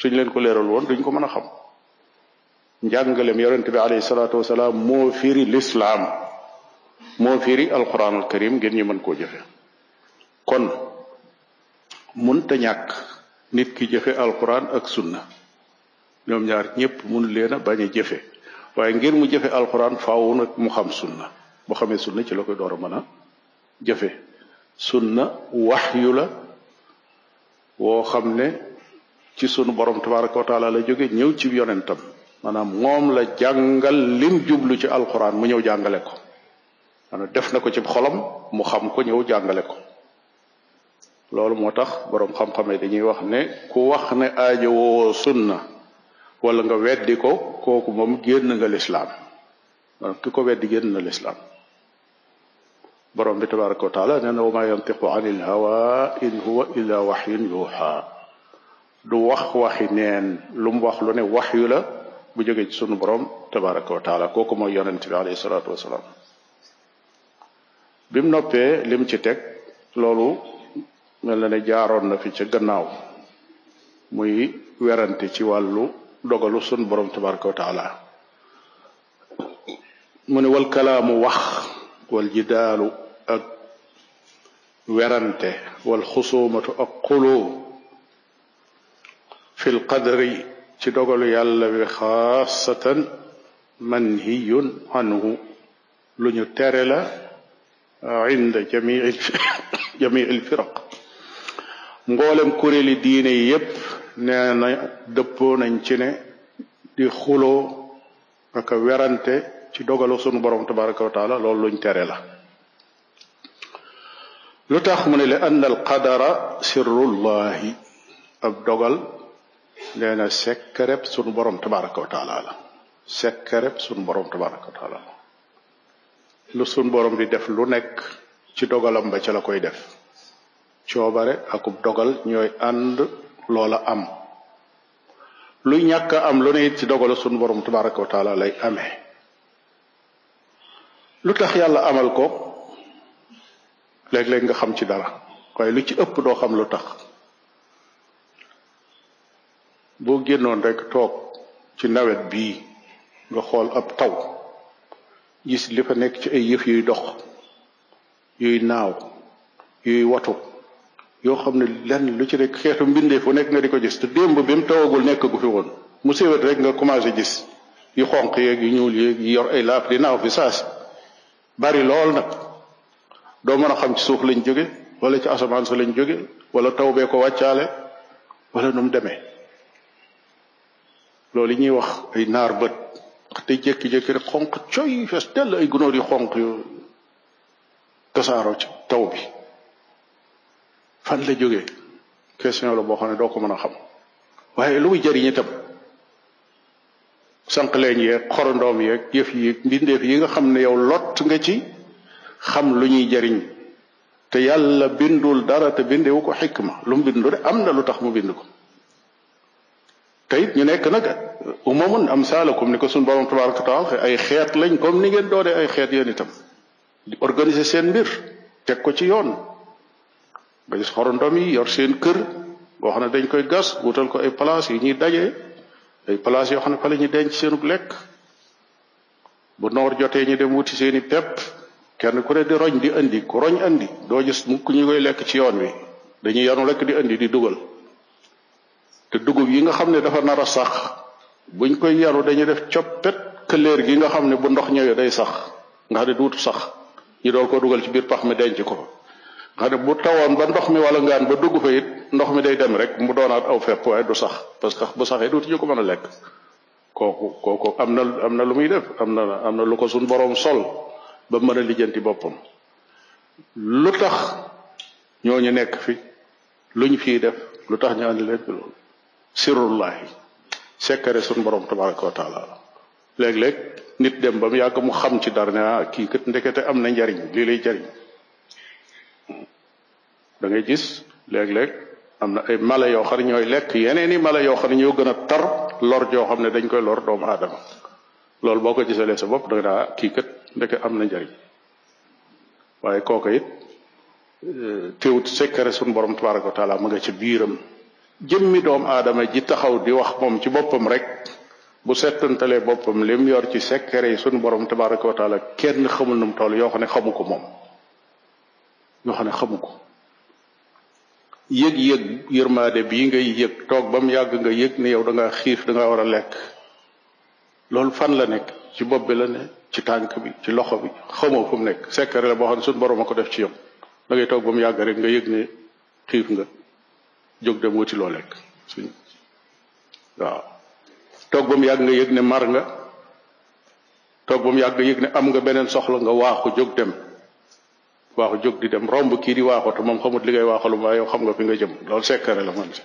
suñ leen ko leeral woon duñ ko mën a xam njàngalem yonente bi alayhi salaatu wasalaam moo firi lislaam moo firi alxuraanul karim ngeen ñi mën koo jëfe kon munta ñàkk nit ki jëfe alxuraan ak sunna ñoom ñaar ñëpp mun leen a bañ a jëfe waaye ngir mu jëfe alxuraan faaw nag mu xam sunna bu xamee sunna ci la koy door a mën a jëfe sunna waxyu la woo xam ne ci sunu boroom tabaraka wa taala la jóge ñëw ci yonentam maanaam moom la jàngal lim jublu ci alquran mu ñëw jàngale ko maanaam def na ko ci xolam mu xam ko ñëw jàngale ko loolu moo tax boroom xam-xamee dañuy wax ne ku wax ne aajo woo sunna wala nga weddi ko kooku moom génn nga lislaam maanaam ki ko weddi génn na lislaam borom bi tabaraka wa taala nee na wa maa yantiqu anil hawa in huwa illa waxyun yuuxa du wax waxi neen lu mu lu ne wax la bu jógee ci sunu borom tabaraka wa taala kooku mooy yonent bi alayhi salaatu wasalaam noppee lim ci teg loolu mel na ne jaaroon na fi ca gannaaw muy werante ci wàllu dogalu sunu borom tabaraka wa taala mu ne wal kalaamu wax wal jidaalu ak werante wal xusumatu ak xuloo fi l ci dogalu yàlla bi xaasatan manhiyun anhu lu ñu tere la inda jamii jamii l firaq mboolem kuréeli diine yi yépp nee na dëppoo nañ ci di xuloo ak werante ci dogalu sunu borom tabaraka wa taala loolu luñ tere la lu tax mu ne la ann al qadara sirrullahi ab dogal nee na sekkareb sunu borom tabaraka wa taala la sekkareb sunu borom tabaraka wa taala lu sunu borom di def lu nekk ci dogalam ba ca la koy def coobare akub dogal ñooy ànd loola am luy ñàkk am lu ne it ci dogal sunu borom tabaraka wa taala lay ame lu tax yàlla amal ko léeg-léeg nga xam ci dara waaye lu ci ëpp doo xam lu tax boo génnoon rekk toog ci nawet bii nga xool ab taw gis li fa nekk ci ay yëf yuy dox yuy naaw yuy watu yoo xam ne lenn lu ci rekk xeetu mbindee fu nekk nga di ko gis te démb bi mu tawagul nekk gu fi woon mu séwét rek nga commencé gis yu xonq yeeg yu ñuul yeeg yu yor ay laaf di naaw fi saas bari lool nag doo mën a xam ci suuf lañ jóge wala ci asamaan sa lañ jóge wala taw bee ko wàccaale wala nu demee loolu ñuy wax ay naar bët te jékki-jékki rek xonq coy fees dell ay gunóor yu xonq yu tasaaroo ci taw bi fan la jóge question la boo xam ne doo ko mën a xam waaye lu muy jariñ itam sànq leen yeeg xorondoom yeeg yëf yi mbindeef yi nga xam ne yow lot nga ci xam lu ñuy jariñ te yàlla bindul dara te bindewu ko xikma lu mu bindu am na lu tax mu bind ko te it ñu nekk nag umamun amsaalakum ni ko suñu borom tabaraka taala ay xeet lañ comme ni ngeen doodee ay xeet yéen itam di organiser seen mbir teg ko ci yoon nga gis xorondom yi yor seen kër boo xam ne dañ koy gas wutal ko ay place yi ñuy daje ay place yoo xam ne fa la ñuy denc seenug lekk bu noor jotee ñu dem wuti seeni pepp kenn ku ne di roñ di indi ku roñ indi doo gis mukk ñu koy lekk ci yoon wi dañuy yanu rek di indi di dugal te dugub yi nga xam ne dafa nar a sax buñ koy yanu dañuy def coppet këleer gi nga xam ne bu ndox ñëwee day sax nga xam ne duutu sax ñu dool ko dugal ci biir pax mi denc ko nga xam ne bu tawoon ba ndox mi wala ngaan ba dugg fa it ndox mi day dem rek mu doonaat aw fepp waaye du sax parce que bu saxee duutu ñu ko mën a lekk kooku kooku am na am na lu muy def am na am na lu ko suñ boroom sol ba mën a lijjanti boppam lu tax ñooñu nekk fi lu ñu fiy def lu tax ñu andi leen fi loolu sirrullahi sekkare sun borom tabaraka wa taala léeg-léeg nit dem ba mu yàgg mu xam ci dara ne ah kii ndekete am na njariñ lii lay jariñ dangay gis léeg-léeg am na ay mala yoo xam ne ñooy lekk yeneen i mala yoo xam ne ñoo gën a tar lor joo xam ne dañ koy lor doomu aadama loolu boo ko gisalee sa bopp da nga naa ndeke am na njariñ waaye kooka it euh, teewut sekkare suñu borom tabaraka wa taala mu nga ci biiram jëmmi doom aadama ji taxaw di wax moom ci boppam rek bu settantalee boppam lim yor ci sekkare yi suñu borom tabaraka wa taala kenn xamul nu mu toll yoo xam ne xamu ko moom yoo xam ne xamu ko yëg-yëg yërmaade bii ngay yëg toog ba mu yàgg nga yëg ne yow da nga xiif danga nga war a lekk loolu fan la nekk ci bopp bi la ne ci tànk bi ci loxo bi xamoo fu mu nekk sekkare la boo xam ne suñ borom a ko def ci yow da toog mu yàgg rek nga yëg ne xiif nga jóg dem wuti loo lekk suñ toog ba mu yàgg nga yëg ne mar nga toog ba mu yàgg nga yëg ne am nga beneen soxla nga waaxu jóg dem waaxu jóg di dem romb kii di waaxu moom xamut li ngay waaxalu waaye xam nga fi nga jëm loolu sekkare la man si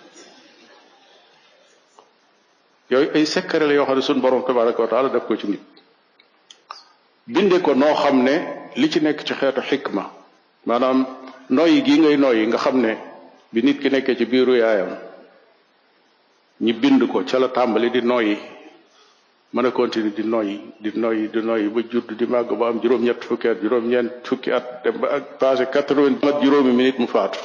yooyu sekkare la yoo xam ne suñ borom tabaraka wa taala def ko ci nit binde ko noo xam ne li ci nekk ci xeetu xikma maanaam noyyi gii ngay noyyi nga xam ne bi nit ki nekkee ci biiru yaayam ñi bind ko ca la tàmbali di noyyi mën a continuer di noyyi di noyyi di noyyi ba judd di màgg ba am juróom-ñett fukki at juróom-ñeent fukki ba ak passé quatre-vingt mat juróomi mu faatu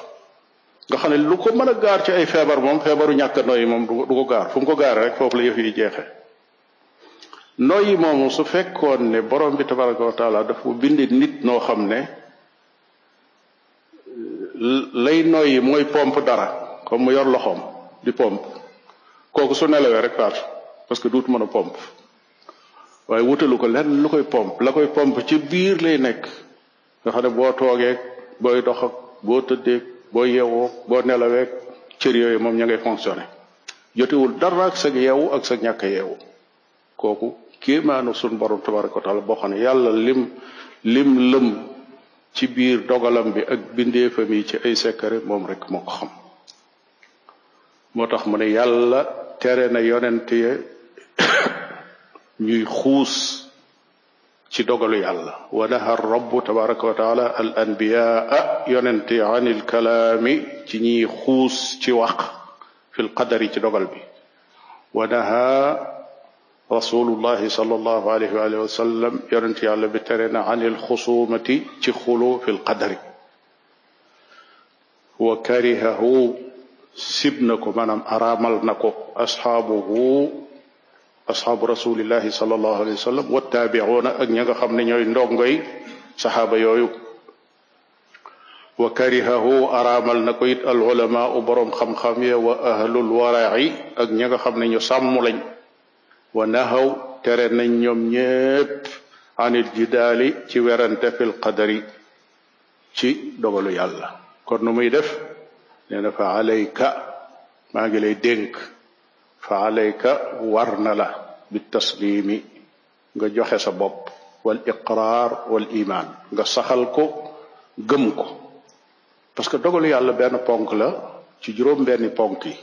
nga xam ne lu ko mën a gaar ci ay feebar moom feebaru ñàkk a noyyi moom du ko gaar fu ko gaar rek foofu la yëf yi jeexe yi moom su fekkoon ne borom bi tabaraka wa taala dafa bind nit noo xam ne lay noyyi mooy pomp dara comme mu yor loxoom di pompe kooku su nelawee rek parce que duut mën a pompe waaye wutalu ko lenn lu koy pompe la koy pomp ci biir lay nekk nga xam ne boo toogee booy dox boo tëddee boo yeewoo boo nelawee cër yooyu moom ña ngay fonctionné jotewul dara ak sa yeewu ak sa ñàkk yeewu kooku kéemaanu suñ borom tabaraka wa taala boo xam ne yàlla lim lim ci biir dogalam bi ak bindeefam ci ay sekkare moom rek moo xam moo tax mu ne yàlla tere na yonent ñuy xuus ci dogalu yàlla wa naha rabbu tabaraka wa taala al anbiyaa yonent an il kalaami ci ñiy xuus ci wax fil qadari ci dogal bi wa naha rasulullahi sallallahu alayhi waalihi wasallam yonent yàlla bi tere na anil xusumati ci xulu fi lqadari wa karihahu sib na ko maanaam araamal na ko asxaabuhu asxaabu rasulillahi sallallahu alayhi wa sallam wa ña nga xam ne ñooy ndongoy saxaaba yooyu wa karihahu araamal na ko it al ulamaau boroom xam wa ahlul warai ak ña xam ne ñu sàmm lañ wa nahaw tere nañ ñoom ñépp anil jidaali ci werante fil qadari ci dogalu yàlla kon nu muy def nee na fa alayka maa ngi lay dénk fa alayka war na la bi taslimi nga joxe sa bopp wal iqraar wal iman nga saxal ko gëm ko parce que dogalu yàlla benn ponk la ci juróom benni ponk yi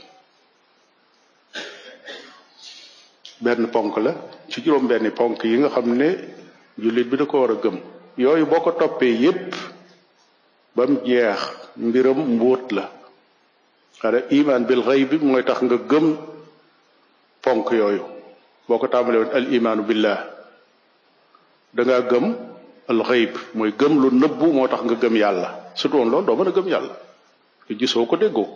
benn ponk la ci juróom-benni ponk yi nga xam ne jullit bi da ko war a gëm yooyu boo ko toppee yépp ba mu jeex mbiram mbóot la xare iman bil mooy tax nga gëm ponk yooyu boo ko tàmbalee woon al imaanu billah da gëm al mooy gëm lu nëbbu moo tax nga gëm yàlla surtout woon lool doo mën a gëm yàlla te gisoo ko déggoo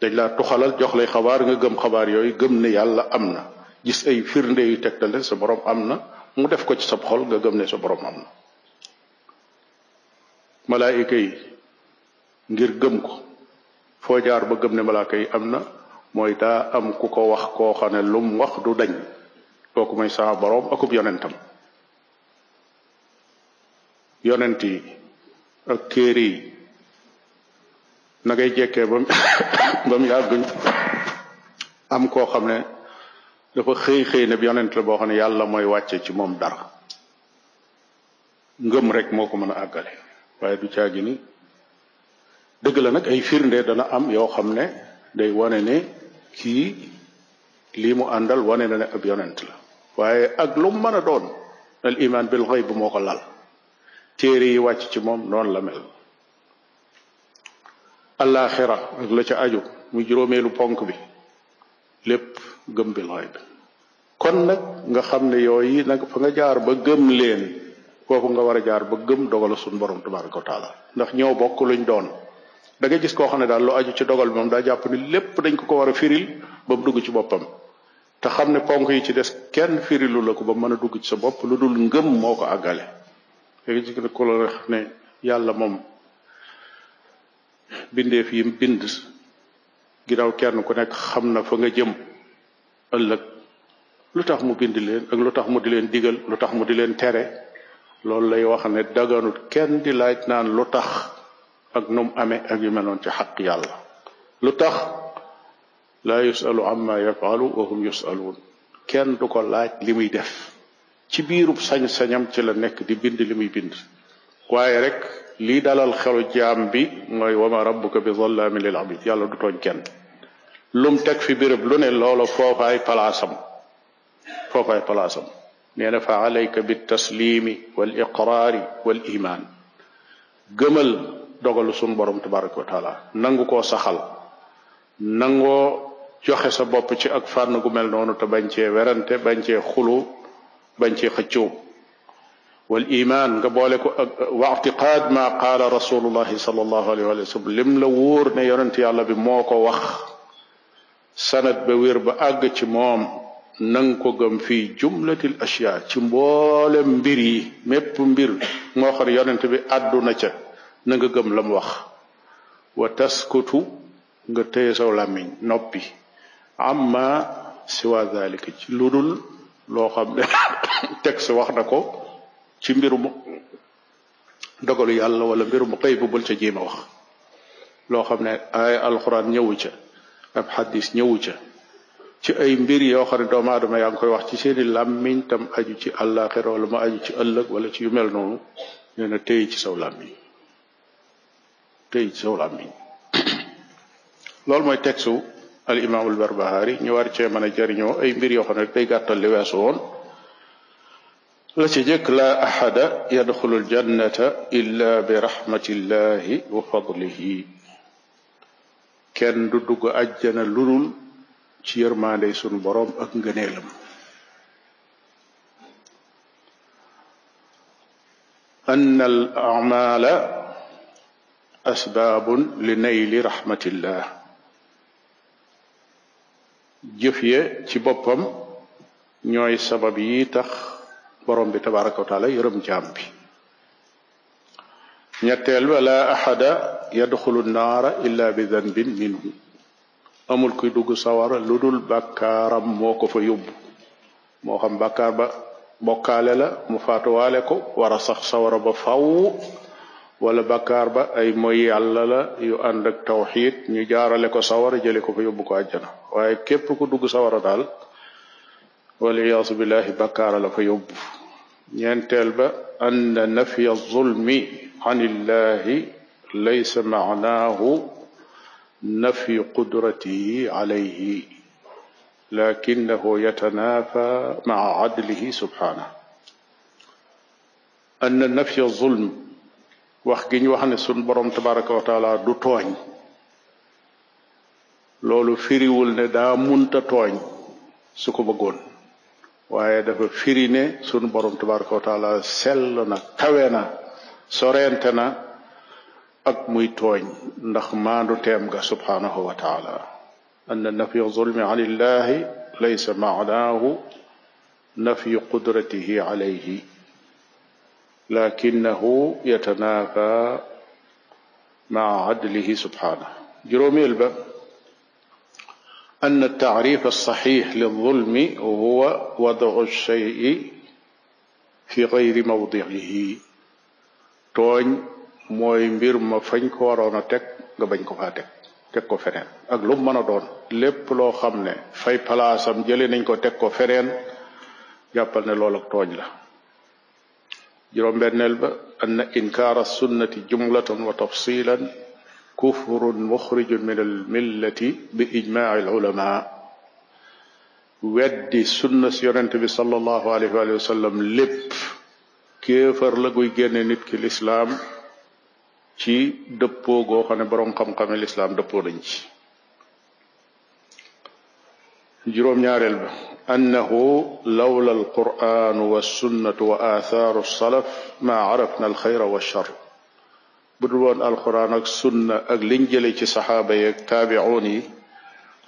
dañ laa tuxalal jox lay xabaar nga gëm xabaar yooyu gëm ne yàlla am na gis ay firnde yu tegtale sa boroom am na mu def ko ci sa xol nga gëm ne sa borom am na malaayika yi ngir gëm ko foo jaar ba gëm ne malaaka yi am na mooy daa am ku ko wax koo xam ne lum wax du dañ kooku mooy sama boroom akub yonentam yonent yi ak yi na ngay jekkee yàgguñ am koo xam ne dafa xëy xëy ne yonent la boo xam ne yàlla mooy wàcce ci moom dara ngëm rek moo ko mën a àggale waaye du caagi ni dëgg la nag ay firnde dana am yoo xam ne day wane ne kii lii mu àndal wane na ne ab yonent la waaye ak lu mu mën a doon al iman bil xëy bu moo ko lal téere yi wàcc ci moom noonu la mel alaxira ak la ca aju mu juróomeelu ponk bi lépp gëm bilaay bi kon nag nga xam ne yooyu nag fa nga jaar ba gëm leen foofu nga war a jaar ba gëm dogalu suñu borom tabaraka ko taala ndax ñëw bokk luñ doon danga gis koo xam ne daal lu aju ci dogal bi moom daa jàpp ni lépp dañ ko ko war a firil ba mu dugg ci boppam te xam ne ponk yi ci des kenn firilu la ko ba mën a dugg ci sa bopp lu dul ngëm moo ko àggale léegi ci ko la wax ne yàlla moom bindeef yi mu bind ginnaaw kenn ku nekk xam na fa nga jëm ëllëg lu tax mu bind leen ak lu tax mu di leen digal lu tax mu di leen tere loolu lay wax ne daganut kenn di laaj naan lu tax ak nu mu amee ak yu meloon ci xaq yàlla lu tax laa yusalu amma yafalu wa hum kenn du ko laaj li def ci biirub sañ-sañam ci la nekk di bind li bind waaye rek lii dalal xelu jaam bi mooy wama rabbuka bi zallaami lil abid yàlla du tooñ kenn lum teg fi béréb lu ne loolo foofaay palaasam foofaay palaasam nee na fa alayka bi taslimi wal iqraari wal iman gëmal dogalu sun borom tabaraka wa taala nangu koo saxal nangoo joxe sa bopp ci ak fànn gu mel noonu te bañ cee werante bañ cee xulu bañ cee xëccoo wal iman nga boole ko ak wa atiqaad ma qaala rasulullahi sallallahu alayhi wa sallam lim la wóor ne yonent yàlla bi moo ko wax sanat ba wér ba àgg ci moom nang ko gëm fii jumlatil asiya ci mboolem mbir yi mépp mbir moo xam yonent bi àdduna ca nanga gëm la wax wa taskutu nga téye saw làmmiñ noppi amma siwa dalika ci lu dul loo xam ne teg texte wax na ko ci mbirum dogalu yàlla wala mbirum xëy bu bul ca jéem wax loo xam ne ay alxuraan ñëwu ca ab xaddis ñëwu ca ci ay mbir yoo xam ne doomu aadama yaa ngi koy wax ci seeni làmmiñ tam aju ci àllaaxira wala mu aju ci ëllëg wala ci yu mel noonu nee na ci saw làmmiñ téy ci saw làmmiñ loolu mooy texu al imaamul barbahari ñu war cee mën a jariñoo ay mbir yoo xam ne day gàttal li weesu woon la ci jëkk laa axada yadxulu aljannata illa bi raxmatillahi wa fadlihi kenn du dugg àjjana ludul ci yërmaande sunu boroom ak ngëneelam an al amaala asbaabun li nayli raxmatillah jëf ye ci boppam ñooy sabab yi tax borom bi tabaraka wa taala yërëm jaam bi ñetteel ba laa axada yadxulu naara illa bi danbin minhu amul kuy dugg sawar ludul dul bàkkaaram moo fa yóbbu moo xam bàkkaar ba bokkaale la mu faatuwaale ko war a sax sawara ba faw wala bàkkaar ba ay mooy yàlla yu ànd ak tawxiid ñu jaarale ko sawara jële ko fa yóbbu ko àjjana waaye képp ku dugg sawara dal waliyaasu billahi bàkkaara la fa yóbbu ñeenteel ba ann nafya zulmi عن الله ليس معناه نفي قدرته عليه لكنه يتنافى مع عدله سبحانه أن النفي الظلم wax gi ñu wax ne sun borom tabaraka wa taala du tooñ loolu firiwul ne daa munta tooñ su ko bëggoon waaye dafa firi ne sun borom tabaraka wa taala sell na kawe na sorente na ak muy tooñ ndax maandu teem ga subhanahu wa taala anna nafyu zulmi an illahi laysa maanaahu nafyu qudratihi alayhi lakinahu yatanaafa maa adlihi subhanahu juróomeel ba anna tacriif alsaxix lilzulmi huwa wadu alshey fi gayri mawdiihi tooñ mooy mbir ma fañ ko waroon teg nga bañ ko faa teg teg ko feneen ak lu mu mën a doon lépp loo xam ne fay palaasam jëlee nañ ko teg ko feneen jàppal ne loolu ak tooñ la juróom-benneel ba anna inkaara sunnati jumlatan wa tafsilan kufrun muxrijun min al millati bi ijmaaci al ulama weddi sunna si bi sallallahu alayhi wa sallam lépp kéefar la guy génne nit ki lislaam ci dëppoo goo xam ne boroom xam-xame lislaam dëppoo nañ ci juróom-ñaareel ba annahu lawla alquran wa sunnatu wa athaaru salaf maa arafna alxayra wa char bu dul woon alquran ak sunna ak liñ jële ci saxaaba yi ak yi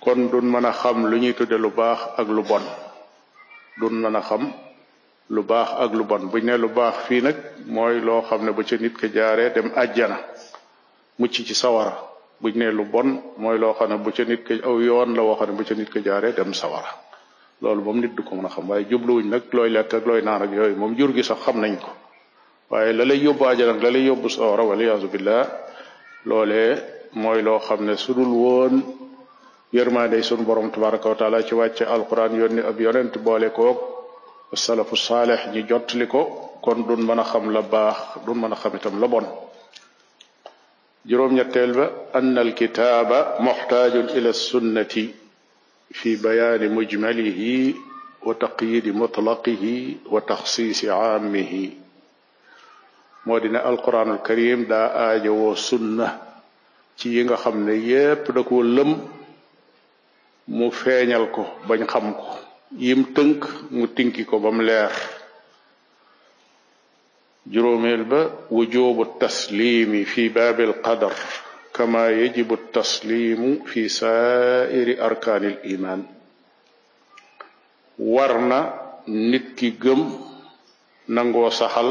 kon duñ mën a xam lu ñuy tudde lu baax ak lu bon duñ mën a xam lu baax ak lu bon buñ ne lu baax fii nag mooy loo xam ne bu ca nit ka jaaree dem àjjana mucc ci sawara buñ ne lu bon mooy loo xam ne bu ca nit ka aw yoon la woo xam ne bu ca nit jaaree dem sawara loolu moom nit du ko mën a xam waaye jubluwuñ nag looy lekk ak looy naan ak yooyu moom jur gi sax xam nañ ko waaye la lay yóbbu àjjana ak la lay yóbbu sawara waliyaasu billah loolee mooy loo xam ne su dul woon yërmaande sunu borom tabaraka wa taala ci wàcce alquran yónni ab yonent boole koog salafu saalix ñi jottali ko kon dun mën a xam la baax dun mën a xam itam la bon juróom-ñetteel ba ann alkitaaba muxtaajun ila sunnati fi bayaani mujmalihi wa taqyidi mutlaqihi wa taxsiisi aamihi moo di ne alquran al karim daa aajowoo sunna ci yi nga xam ne yépp da koo lëm mu feeñal ko bañ xam ko yim tënk mu tinki ko ba mu leer juróomeel ba wujubu taslimi fi baabi alqadar kama yajibu taslimu fi saairi arkaani al iman war na nit ki gëm nangoo saxal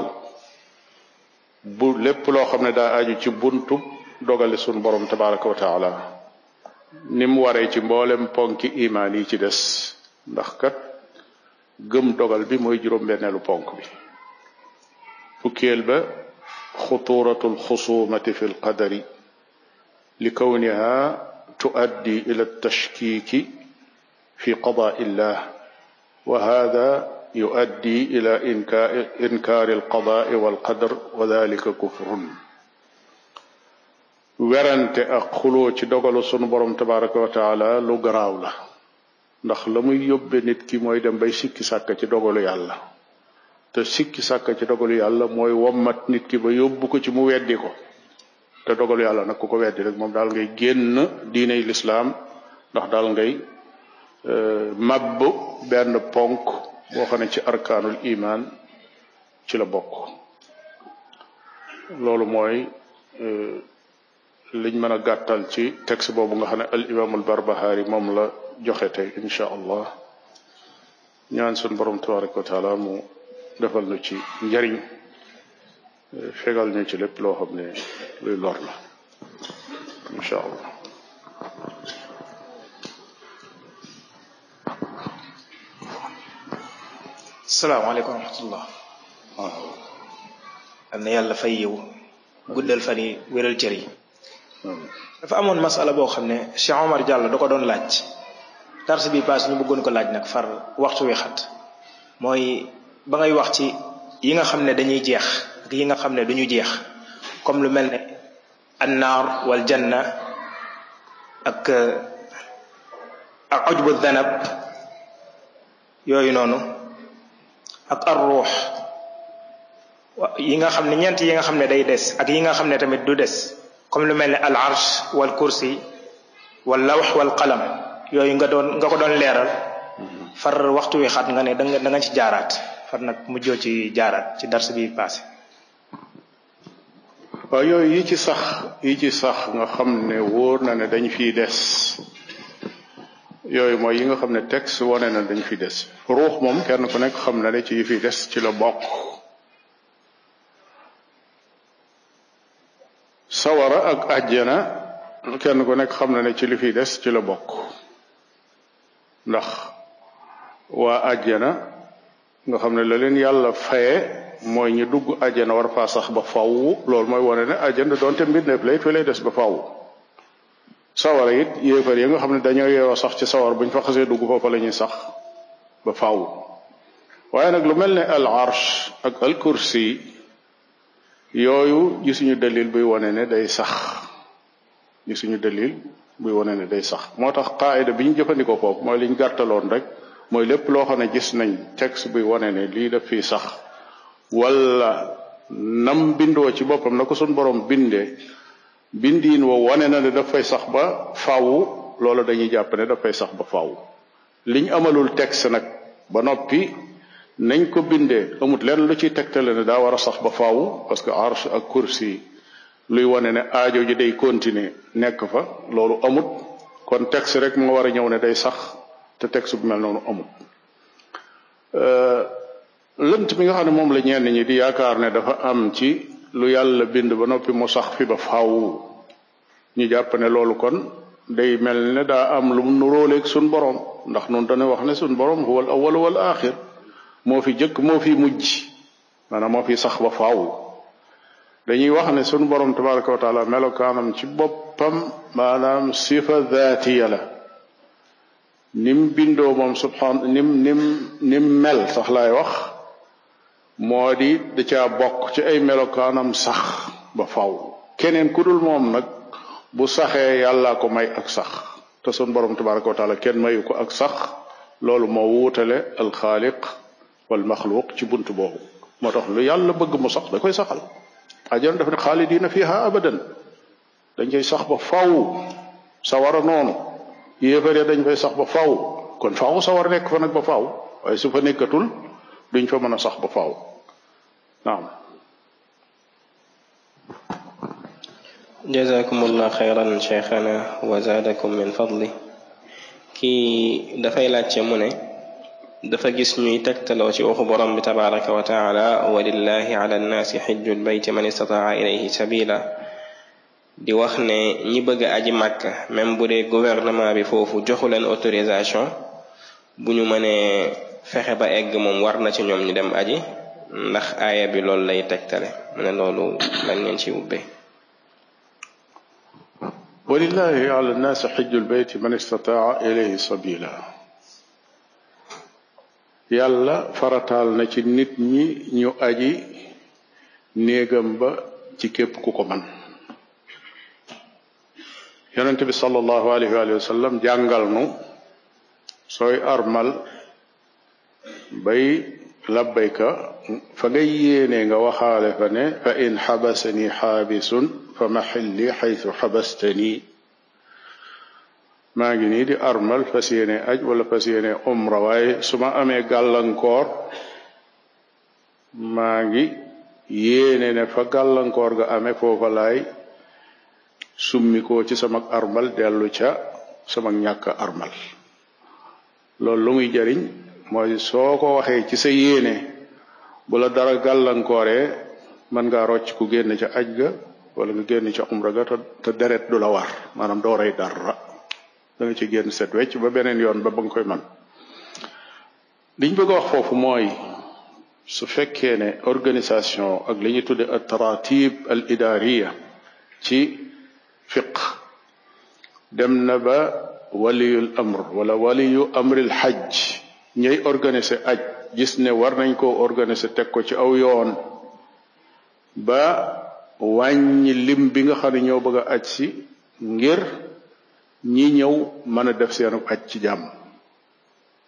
bu lépp loo xam ne daa aju ci buntu dogale sun borom tabaraka wa taala ni waree ci mboolem ponki imaan yi ci des ndax kat gëm dogal bi mooy juróom-benneelu ponk bi fukkeel ba xutuuratul xusumati fi lqadari li kawniha tuaddi ila tashkiiki fi qadaa illah wa hada yuaddi ila inkaari alqadaai walqadar wa dalika kufrun werante ak xuloo ci dogalu sunu borom tabaraka wa taala lu garaaw la ndax la muy yóbbe nit ki mooy dem bay sikki sàkk ci dogalu yàlla te sikki sàkk ci dogalu yàlla mooy wommat nit ki ba yóbbu ko ci mu weddi ko te dogalu yàlla nag ku ko weddi rek moom daal ngay génn diiney lislaam ndax daal ngay e, màbb benn ponk boo xam ne ci arkaanul imaan ci la bokk loolu mooy e, liñ mën a gàttal ci texte boobu nga xam ne al imaamul barbahaari moom la joxe tey incha allah ñaan sun borom tabaraka wa taala mu defal nu ci njariñ fegal ñu ci lépp loo xam ne luy lor la incha allah am na yàlla fa yiw guddal fan yi wéral cër yi dafa amoon masala boo xam ne Cheikh Omar Diallo da ko doon laaj dars bi paas ñu bëggoon ko laaj nag far waxtu wi xat mooy ba ngay wax ci yi nga xam ne dañuy jeex ak yi nga xam ne duñu jeex comme lu mel ne annaar wal janna ak euh, ak ujbu yooyu noonu ak ar ruux yi nga xam ne ñeent yi nga xam ne day des ak yi nga xam ne tamit du des comme lu mel ne al arch wal kursi wal lawx wal qalam yooyu nga doon nga ko doon leeral mm-hmm. far waxtu wi xat nga ne danga da nga ci jaaraat far nag mujjoo ci jaaraat ci dars bi passé waaw yooyu yi ci sax yi ci sax nga xam ne wóor na ne dañ fiy des yooyu mooy yi nga xam ne texte wane na dañ fi des ruux moom kenn ko nekk xam na ne ci yi fiy des ci la bokk sawara ak àjjana kenn ko nekk xam na ne ci li fi des ci la bokk ndax waa àjjana nga xam ne la leen yàlla faye mooy ñu dugg àjjana war faa sax ba faw loolu mooy wane ne àjjana doonte mbindeef lay fi lay des ba faw sawara it yéefar yi nga xam ne dañoo yeewoo sax ci sawar buñ fa xasee dugg foofa la ñuy sax ba faw waaye nag lu mel ne al arsh ak al kursi yooyu gisuñu dalil buy wane ne day sax gisuñu dalil buy wane ne day sax moo tax qaayida bi ñu jëfandikoo foofu mooy li ñu gàrtaloon rek mooy lépp loo xam ne gis nañ texte buy wane ne lii daf fii sax walla nam bindoo ci boppam na ko suñ boroom bindee bindiin wo wane na ne daf fay sax ba faaw loolu dañuy jàpp ne dafay sax ba faaw liñ amalul texte nag ba noppi nañ ko bindee amut lenn lu ciy tegtale ne daa war a sax ba faaw parce que arsh ak kursi luy wane ne aajo ji day continuer nekk fa loolu amut kon texte rek moo war a ñëw ne day sax te texte bu mel noonu amut euh, lënt bi nga xam ne moom la ñenn ñi di yaakaar ne dafa am ci lu yàlla bind ba noppi mu sax fi ba faaw ñu jàpp ne loolu kon day mel ne daa am lu mu nuróoleeg suñ borom ndax nun dañuy wax ne suñ borom huwa al awwal wal axir moo fi jëkk moo fi mujj maanaam moo fi sax ba faw dañuy wax ne sunu borom tabaraka wa taala melokaanam ci boppam maanaam sifa daatiya la nim bindoo moom subhan nim nim mel sax laay wax moo di da caa bokk ci ay melokaanam sax ba faw keneen ku moom nag bu saxee yàllaa ko may ak sax te sunu borom tabaraka wa kenn mayu ko ak sax loolu moo wuutale alxaaliq wal maxluuq ci bunt boobu moo tax lu yàlla bëgg mu sax da koy saxal ajal daf ne xaalidina fiha abadan dañ koy sax ba faw sawara noonu yéefare dañ fay sax ba faw kon faw sawar nekk fa ba faw waaye su fa nekkatul duñ fa mën a sax ba faw naam jazakumullah xayran cheikhana wa zaadakum min fadli kii dafay laaj mu ne dafa gis ñuy tegtaloo ci waxu borom bi tabaraka wa taala walillahi ala nnaasi xijjul bayti man istataa ilayhi sabila di wax ne ñi bëgg aji màkka même bu dee gouvernement bi foofu joxu leen autorisation bu ñu mënee fexe ba egg moom war na ci ñoom ñu dem aji ndax aaya bi loolu lay tegtale mu ne loolu lan ngeen ci ubbee walillahi ala nnaasi xijjul bayti man istataa ilayhi sabila yàlla faratal na ci nit ñi ñu aji néegam ba ci képp ku ko man yonent bi sallallahu alayhi wa sallam jàngal nu sooy armal bay labbayka fa ngay nga waxaale fa ne fa in xabasani xaabisun fa maxilli xaytu xabastani maa ngi nii di armal fas yéene aj wala fas yéene umra waaye su ma amee gàllankoor maa ngi yéene ne fa gàllankoor ga amee foofa laay summi ci sama armal dellu ca sama ñàkk armal loolu lu jariñ mooy soo ko waxee ci sa yéene bu dara gàllankooree mën ngaa rocc ku génn ca aj ga wala nga génn ca umra ga te deret du la war maanaam doo rey dara da ci génn set wecc ba beneen yoon ba ba nga koy man liñ bëgg a wax foofu mooy su fekkee ne organisation ak li ñuy at al taratib al idaariya ci fiq dem na ba waliyul amr wala waliyu amril xaj ñay organise aj gis ne war nañ koo organiser teg ko ci aw yoon ba wàññi lim bi nga xam ne ñoo bëgg a aj si ngir ñi ñëw mën a def seenu aj ci jàmm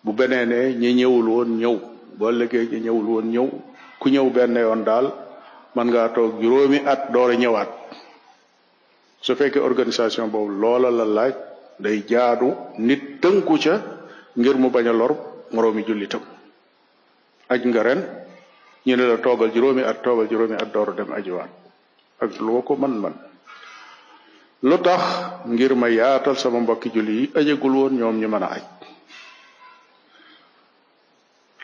bu beneenee ñi ñëwul woon ñëw boo liggéey ñi ñëwul woon ñëw ku ñëw benn yoon daal mën ngaa toog juróomi at door a ñëwaat su fekkee organisation boobu loola la laaj day jaadu nit tënku ca ngir mu bañ a lor moroomi jullitam aj nga ren ñu ne la toogal juróomi at toogal juróomi at door a dem ajiwaat ak loo ko mën-mën lu tax ngir ma yaatal sama mbokki julli yi ajagul woon ñoom ñu mën a aj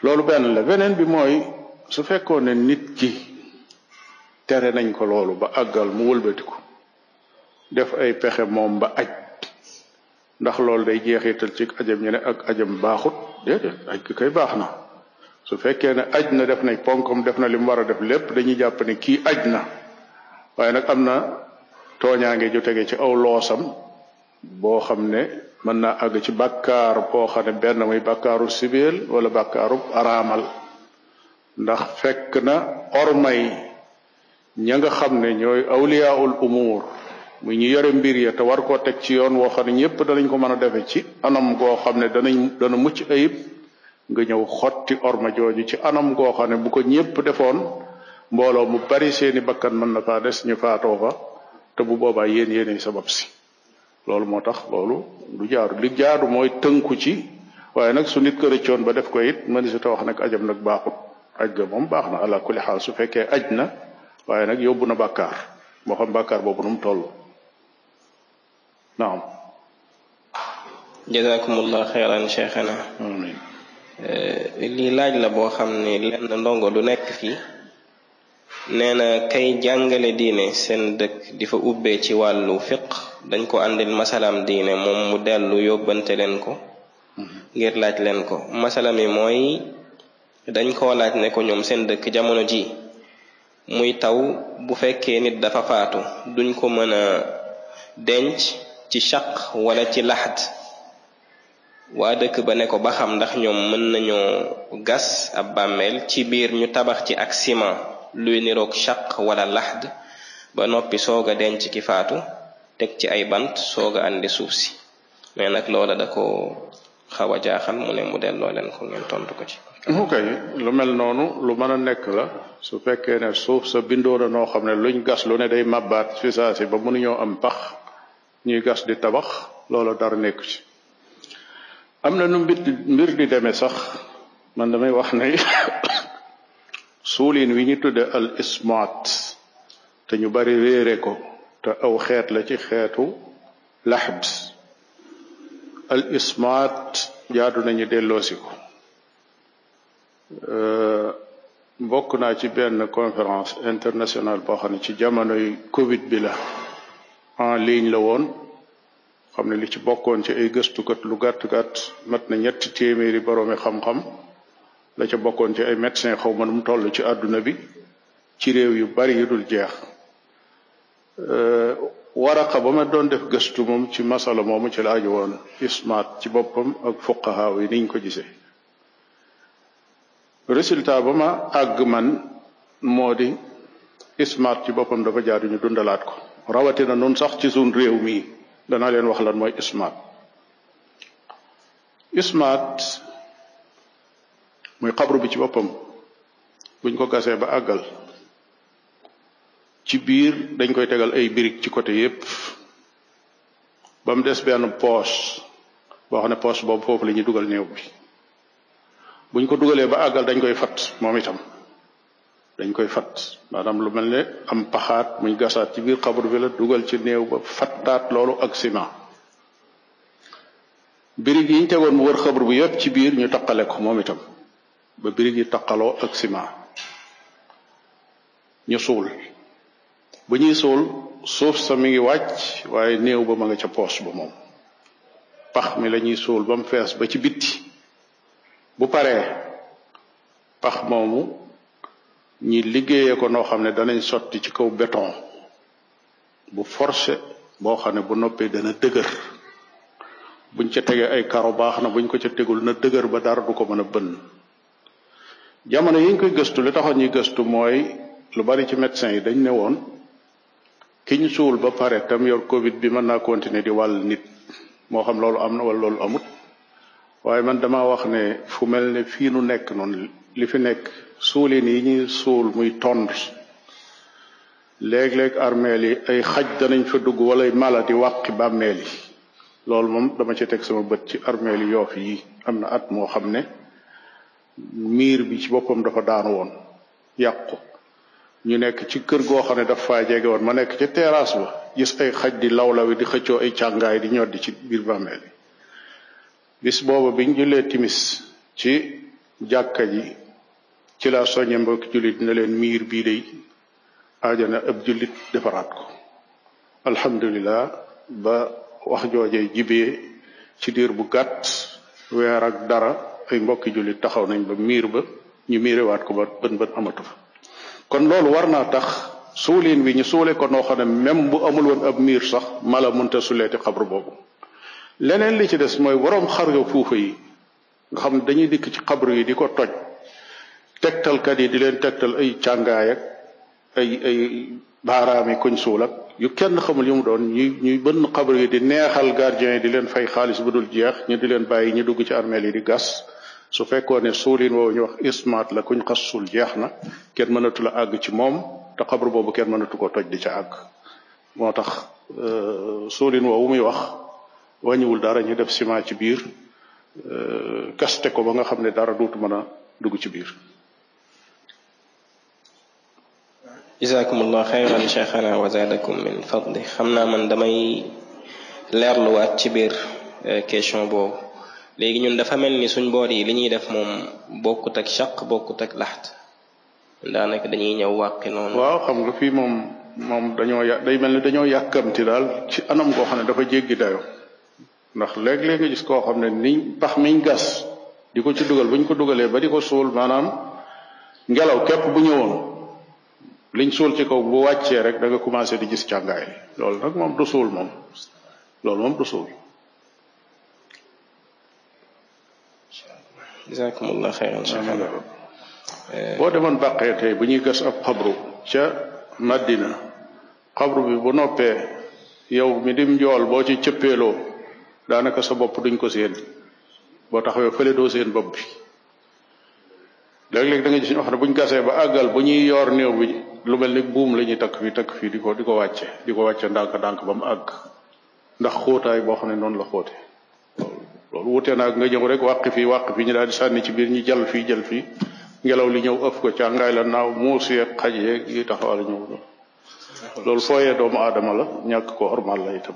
loolu benn la beneen bi mooy su fekkoon ne nit ci tere nañ ko loolu ba àggal mu wëlbatiku def ay pexe moom ba aj ndax loolu day jeexital ci ajam ñu ne ak ajam baaxut déedéet aj ki koy baax na su fekkee ne aj na def nay ponkom def na li war a def lépp dañuy jàpp ne kii aj na waaye nag am na tooñaange ju tege ci aw loosam boo xam ne mën naa àgg ci bàkkaar boo xam ne benn muy bàkkaaru sibeel wala bàkkaaru araamal ndax fekk na ormay ña nga xam ne ñooy awliyaul umuur mu ñu yore mbir ya te war koo teg ci yoon woo xam ne ñëpp danañ ko mën a defe ci anam goo xam ne danañ dana mucc ayib nga ñëw xotti orma jooju ci anam goo xam ne bu ko ñépp defoon mbooloo mu bari seeni bakkan mën na faa des ñu faatoo fa te bu boobaa yéen yéenay sabab si loolu moo tax loolu lu jaaru li jaaru mooy tënku ci waaye nag su nit ko rëccoon ba def ko it mën si ta wax nag ajam nag baaxut aj ga moom baax na ala kulli xaal su fekkee aj na waaye nag yóbbu na bàkkaar moo xam bàkkaar boobu nu mu toll naam jazakumullah xeyran cheikhana eh, lii laaj la boo xam ne lenn ndongo lu nekk fii nee na kay jàngale diine seen dëkk di fa ubbe ci wàllu fiq dañ ko àndil masalaam diine moom mu dellu yóbbante leen ko ngir laaj leen ko masala mooy dañ koo laaj ne ko ñoom seen dëkk jamono ji muy taw bu fekkee nit dafa faatu duñ ko mën a denc ci chaq walla ci laxat waa dëkk ba ne ko ba xam ndax ñoom mën nañoo gas ab bàmmeel ci biir ñu tabax ci ak luy niroog shaq wala laxd ba noppi soog a denc ki faatu teg ci ay bant soog a andi suuf si mais nag loola da ko xaw a jaaxal mu ne mu delloo leen ko ngeen tontu ko ci ok lu mel noonu lu mën a nekk la su fekkee ne suuf sa bindoo na noo xam ne luñ gas lu ne day mabbaat fi saa si ba mënuñoo am pax ñuy gas di tabax loola dara nekku ci am na nu mbir mbir di demee sax man damay wax ne suulin wi ñu tudde al ismaat te ñu bari réere ko te aw xeet la ci xeetu laxb al ismaat jaadu nañu delloosi ko bokk naa ci benn conférence internationale boo xam ne ci jamonoy covid bi la en ligne la woon xam ne li ci bokkoon ci ay gëstukat lu gàtt gàtt mat na ñetti téeméeri boroomi xam-xam la ca bokkoon ci ay médecin xaw ma nu mu toll ci àdduna bi ci réew yu bari yu dul jeex euh, waraqa ba ma doon def gëstu moom ci masala moomu ci laaju woon ismaat ci boppam ak fuqahaa yi niñ ko gisee résultat ba ma àgg man moo di ismaat ci boppam dafa jaar ñu dundalaat ko rawatina nun sax ci suñ réew mii danaa leen wax lan mooy ismaat ismaat muy xabru bi ci boppam buñ ko gasee ba àggal ci biir dañ koy tegal ay birig ci côté yépp ba mu des benn poche boo xam ne poche boobu foofu lañuy dugal néew bi buñ ko dugalee ba àggal dañ koy fat moom itam dañ koy fat maanaam lu mel ne am paxaat muy gasaat ci biir xabru bi la dugal ci néew ba fattaat loolu ak ciment birig yi ñu tegoon mu wër xabru bi yépp ci biir ñu taqale ko moom itam ba birig yi taqaloo ak ciment ñu suul ba ñuy suul suuf sa mi ngi wàcc waaye néew ba ma nga ca poos ba moom pax mi lañuy suul ba mu fees ba ci bitti bu paree pax moomu ñi liggéeyee ko noo xam ne danañ sotti ci kaw beton bu forcé boo xam ne bu noppee dana dëgër buñ ca tegee ay karo baax na buñ ko ca tegul na dëgër ba dara du ko mën a bënn jamono yi ñu koy gëstu li taxoon ñuy gëstu mooy lu bari ci médecin yi dañ ne woon ki ñu suul ba pare tam yor Covid bi mën naa continuer di wàll nit moo xam loolu am na wala loolu amut waaye man dama wax ne fu mel ne fii nu nekk noonu li fi nekk suulin yi ñuy suul muy tond léegi léeg armeel yi ay xaj danañ fa dugg wala mala di wàqi bàmmeel yi loolu moom dama ci teg sama bët ci armeel yi yoof yi am na at moo xam ne miir bi ci boppam dafa daanu woon yàqu ñu nekk ci kër goo xam ne dafa faa jege woon ma nekk ci teraas ba gis ay xaj di lawlawi di xëccoo ay càngaay di ñoddi ci biir bàmmeel bi bis booba biñ jullee timis ci jàkka ji ci laa soññe mbokk jullit na leen miir bii day aajana ab jullit defaraat ko alhamdulilah ba wax joojee jibee ci diir bu gàtt weer ak dara ay mbokki jullit taxaw nañ ba miir ba ñu waat ko ba bën bën amatu fa kon loolu war naa tax suuliin wi ñu suule ko noo xam ne même bu amul woon ab miir sax mala munta suleeti xabru boobu leneen li ci des mooy woroom xar xarga fuufa yi nga xam ne dañuy dikk ci xabru yi di ko toj tegtalkat yi di leen tegtal ay càngaayak ak ay ay baaraami kuñ suul ak yu kenn xamul yu mu doon ñuy ñuy bënn xabru yi di neexal gardien yi di leen fay xaalis bu dul jeex ñu di leen bàyyi ñu dugg ci armeel yi di gas su fekkoon ne suulin woowu ñu wax ismaat la kuñ xas suul jeex na kenn mënatu la àgg ci moom te xabru boobu kenn mënatu ko toj di ca àgg moo tax euh, suulin woowu muy wax wàññiwul dara ñu def ciment ci biir euh, kaste ko ba nga xam ne dara dootu mën a dugg ci biir jazakumullah xayran cheikhana wa zaadakum min fadli xam naa man damay leerluwaat ci biir euh, question boobu léegi ñun dafa mel ni suñ boor yi li ñuy def moom bokkut ak chaq bokkut ak laxt daanaka dañuy ñëw wàqi noonu. waaw xam nga fii moom moom dañoo mel ni dañoo yàkkamti daal ci anam goo xam ne dafa jéggi dayo ndax léeg-léeg gis koo xam ne niñ pax miñ gas di ko ci dugal buñ ko dugalee ba di ko suul maanaam ngelaw képp bu ñëwoon liñ suul ci kaw bu wàccee rek danga nga commencé di gis càngaay loolu nag moom du suul moom loolu moom du suul. jazakumullah xayran boo demoon bàqee tey bu ñuy gas ab xabru ca Madina xabru bi bu noppee yow mi dim njool boo ci cëppeeloo daanaka sa bopp duñ ko seen boo taxawee fële doo seen bopp bi léeg-léeg da nga gis ñoo xam ne bu ñu gasee ba àggal bu ñuy yoor néew bi lu mel ni buum la ñuy takk fii takk fii di ko di ko wàcce di ko wàcce ndànk ndànk ba mu àgg ndax xóotaay boo xam ne noonu la xóote loolu wute naag nga ñëw rek wàq fi wàq fi ñu daal di sànni ci biir ñi jal fii jël fii ngelaw li ñëw ëf ko càngaay la naaw muus yeeg xaj yeeg yi taxawal ñëw loolu fooyee doomu aadama la ñàkk ko ormal la itam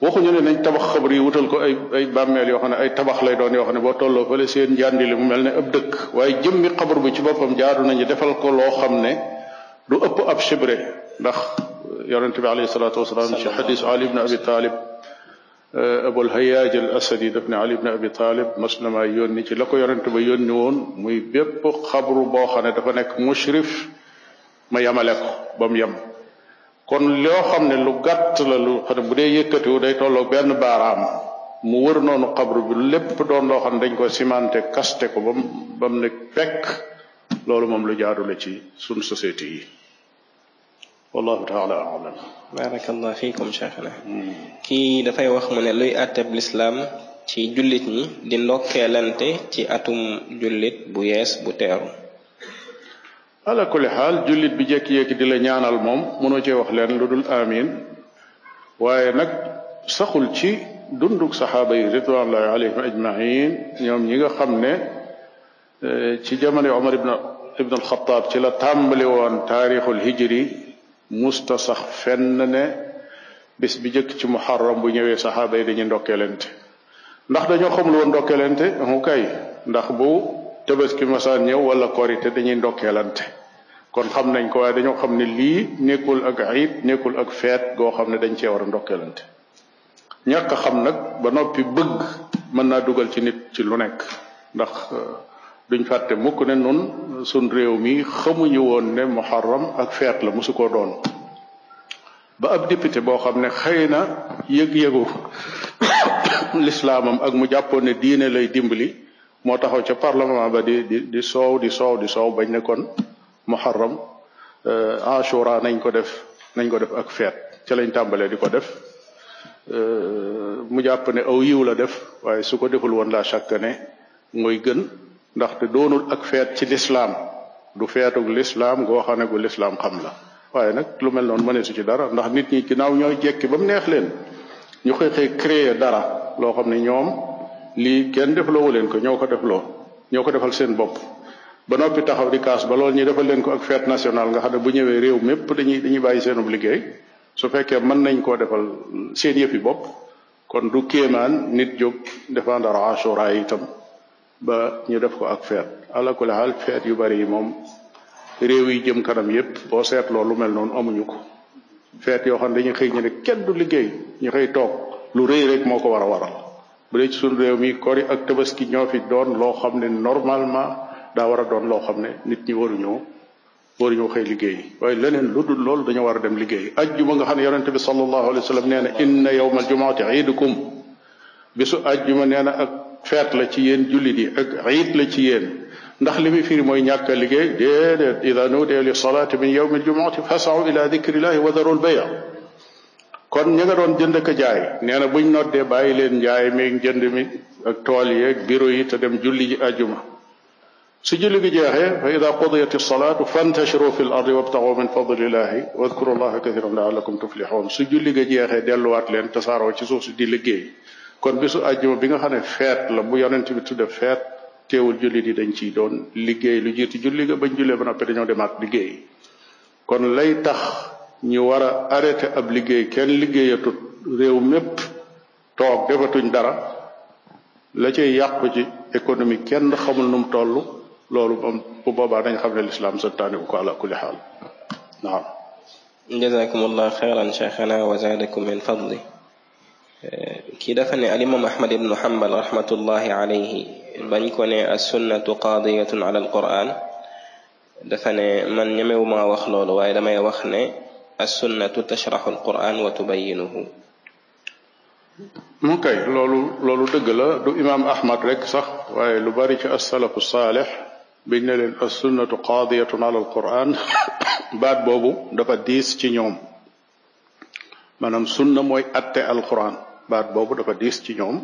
waxuñu ne nañ tabax xabar yi wutal ko ay ay bàmmeel yoo xam ne ay tabax lay doon yoo xam ne boo tolloo fële seen jàndi mu mel ne ab dëkk waaye jëmmi xabar bi ci boppam jaaru nañu defal ko loo xam ne du ëpp ab chibre ndax yonente bi alayhi salaatu wasalaam ci xadis ali ibn abi talib Eh, abul hayaaj al asadi daf ne ali ibn abi talib mas maa yónni ci la ko yonent ba yónni woon muy bépp xabru boo xam ne dafa nekk mushrif ma yemale ko ba mu yem kon loo xam ne lu gàtt la lu xam bu dee yëkkatiwu day tolloo benn baaraam mu wër noonu xabru bi lépp doon loo xam ne dañ ko simante kaste ko ba mu ba mu ne loolu moom lu jaadu la ci suñ société yi wallahu taala alam barakallah fiikum cheikhana hmm. kii dafay wax mu ne luy àtteb lislaam ci jullit ñi di ndokkeelante ci atum jullit bu yees bu teeru ala kulli xaal jullit bi jékki-jékki di la ñaanal moom mënoo cee wax leen lu dul amin waaye nag saxul ci dundug saxaaba yi ridwanullahi alayhim ajmain ñoom ñi nga xam ne eh, ci jamono Omar ibn ibn alxataab ci la tàmbali woon taarixul musta sax fenn ne bis bi jëkk ci muharram bu ñëwee saxaaba yi dañuy ndokkeelante ndax dañoo xamul woon ndokkeelante mu kay ndax bu tabaski masaan ñëw wala korite dañuy ndokkelante kon xam nañ ko waaye dañoo xam ne lii nekkul ak ayit nekkul ak feet goo xam ne dañ cee war a ndokkeelante ñàkk a xam nag ba noppi bëgg mën naa dugal ci nit ci lu nekk ndax euh, duñ fàtte mukk ne nun sun réew mi xamuñu woon ne muharram ak feet la mosu koo doon ba ab député boo xam ne xëy na yëg-yëgu lislaamam ak mu jàppoon ne diine lay dimbali moo taxaw ca parlement ba di di di soow di soow di soow bañ ne kon muharram euh, ashura nañ ko def nañ ko def ak feet ca lañ tàmbalee di ko def euh, mu jàpp ne aw yiw la def waaye su ko deful woon la chaque année mooy gën ndaxte doonul ak feet ci lislaam du feetug lislaam goo xam ne gu lislaam xam la waaye nag lu mel noonu su ci dara ndax nit ñi ginnaaw ñooy jekki ba mu neex leen ñu xëy xëy créer dara loo xam ne ñoom lii kenn defloowu leen ko ñoo ko defloo ñoo ko defal seen bopp ba noppi taxaw di kaas ba loolu ñu defal leen ko ak fête nationale nga xam ne bu ñëwee réew mépp dañuy dañuy bàyyi seenub liggéey su fekkee mën nañ koo defal seen yëfi bopp kon du kéemaan nit jóg defandara asura itam ba ñu def ko ak feet alakule xaal feet yu bari yi moom réew yi jëm kanam yépp boo seetloo lu mel noonu amuñu ko feet yoo xam ne dañuy xëy ñu ne kenn du liggéey ñu xëy toog lu rëy rek moo ko war a waral bu dee ci réew mi kori ak tabaski ñoo fi doon loo xam ne normalement daa war a doon loo xam ne nit ñi waruñoo waruñoo xëy liggéey waaye leneen lu dul loolu dañoo war a dem liggéey ajjuma nga xam ne yonente bi sallallahu alayhi wa sallam nee na inna yawma aljumaati iidukum bisu ajjuma nee feet la ci yéen jullit yi ak iid la ci yéen ndax li mi firi mooy ñàkk a liggéey déedéet ida nuudiya li salaati min yawmi aljumuati fasaw ila dikrillahi wa darul baya kon ñi nga doon jaay nee na buñ noddee bàyyi leen njaay meeg jënd mi ak tool yi ak bureau yi te dem julli ji ajuma su julli gi jeexee fa ida qudiyat alsalaatu fantashiru fi l ardi wabtaxu min fadlillahi wadkuru allaha kathiran laallakum tuflixuun su julli ga jeexee delluwaat leen tasaaroo ci suuf si di liggéey kon bisu àjjuma bi nga xam ne feet la bu yonent bi tudde feet teewul jullit yi dañ ciy doon liggéey lu jiitu julli ga bañ jullee ba noppi dañoo demaat liggéey kon lay tax ñu war a arrêté ab liggéey kenn liggéeyatut réew mépp toog defatuñ dara la cay yàqu ci économie kenn xamul nu mu toll loolu moom bu boobaa dañ xam ne lislaam santaane bu ko ala kulli xaal naam jazakum allah xeyran cheikhana wa zaadakum min fadli kii dafa ne alimam ahmad ibnu hambal rahmatullahi alayhi bañ ko ne assunnatu qaadiyatun ala alquran dafa ne man ñemewuma wax loolu waaye damay wax ne assunnatu tashraxu alquran wa tubayinuhu mu kay loolu loolu dëgg la du imam ahmad rek sax waaye lu bari ci asalafu saalix biñ ne leen assunnatu qaadiyatun ala alquran baat boobu dafa diis ci ñoom maanaam sunna mooy atte alquran baat boobu dafa diis ci ñoom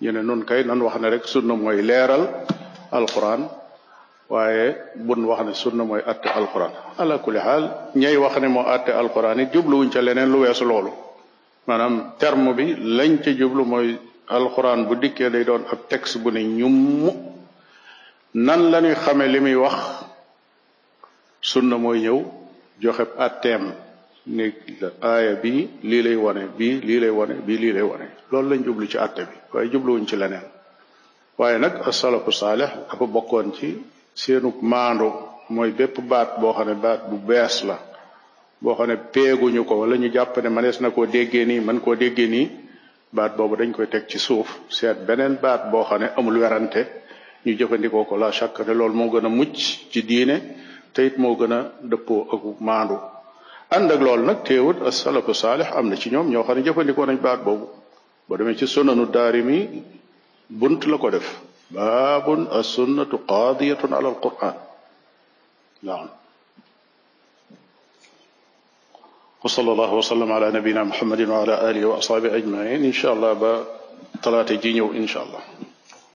ñu ne nun kay nan wax ne rek sunna mooy leeral alquran waaye bun wax ne na mooy atte alquran ala kulli xaal ñay wax ne moo atte alquran yi jubluwuñ ca leneen lu weesu loolu maanaam terme bi lañ ca jublu mooy alquran bu dikkee lay doon ab texte bu ne ñumm nan la ñuy xamee li muy wax na mooy ñëw joxe atteem ne aaya bii lii lay wane bii lii lay wane bii lii lay wane loolu lañ jublu ci àtte bi waaye jubluwuñ ci leneen waaye nag asalafu saalix dafa bokkoon ci seenug maandu mooy bépp baat boo xam ne baat bu bees la boo xam ne peeguñu ko wala ñu jàpp ne manees na koo déggee nii man koo déggee nii baat boobu dañ koy teg ci suuf seet beneen baat boo xam ne amul werante ñu jëfandikoo ko la chaque lool moo gën a mucc ci diine te moo gën a dëppoo ak maandu ànd ak loolu nag téewut asalafu saalix am na ci ñoom ñoo xam ne jëfandikoo nañ baat boobu boo demee ci sunanu daarimi bunt la ko def baabun assunnatu qaadiyatun ala alquran naam wa sallallahu wa sallam ala nabina muhammadin wa ala alihi wa allah ba talaate ji ñëw incha allah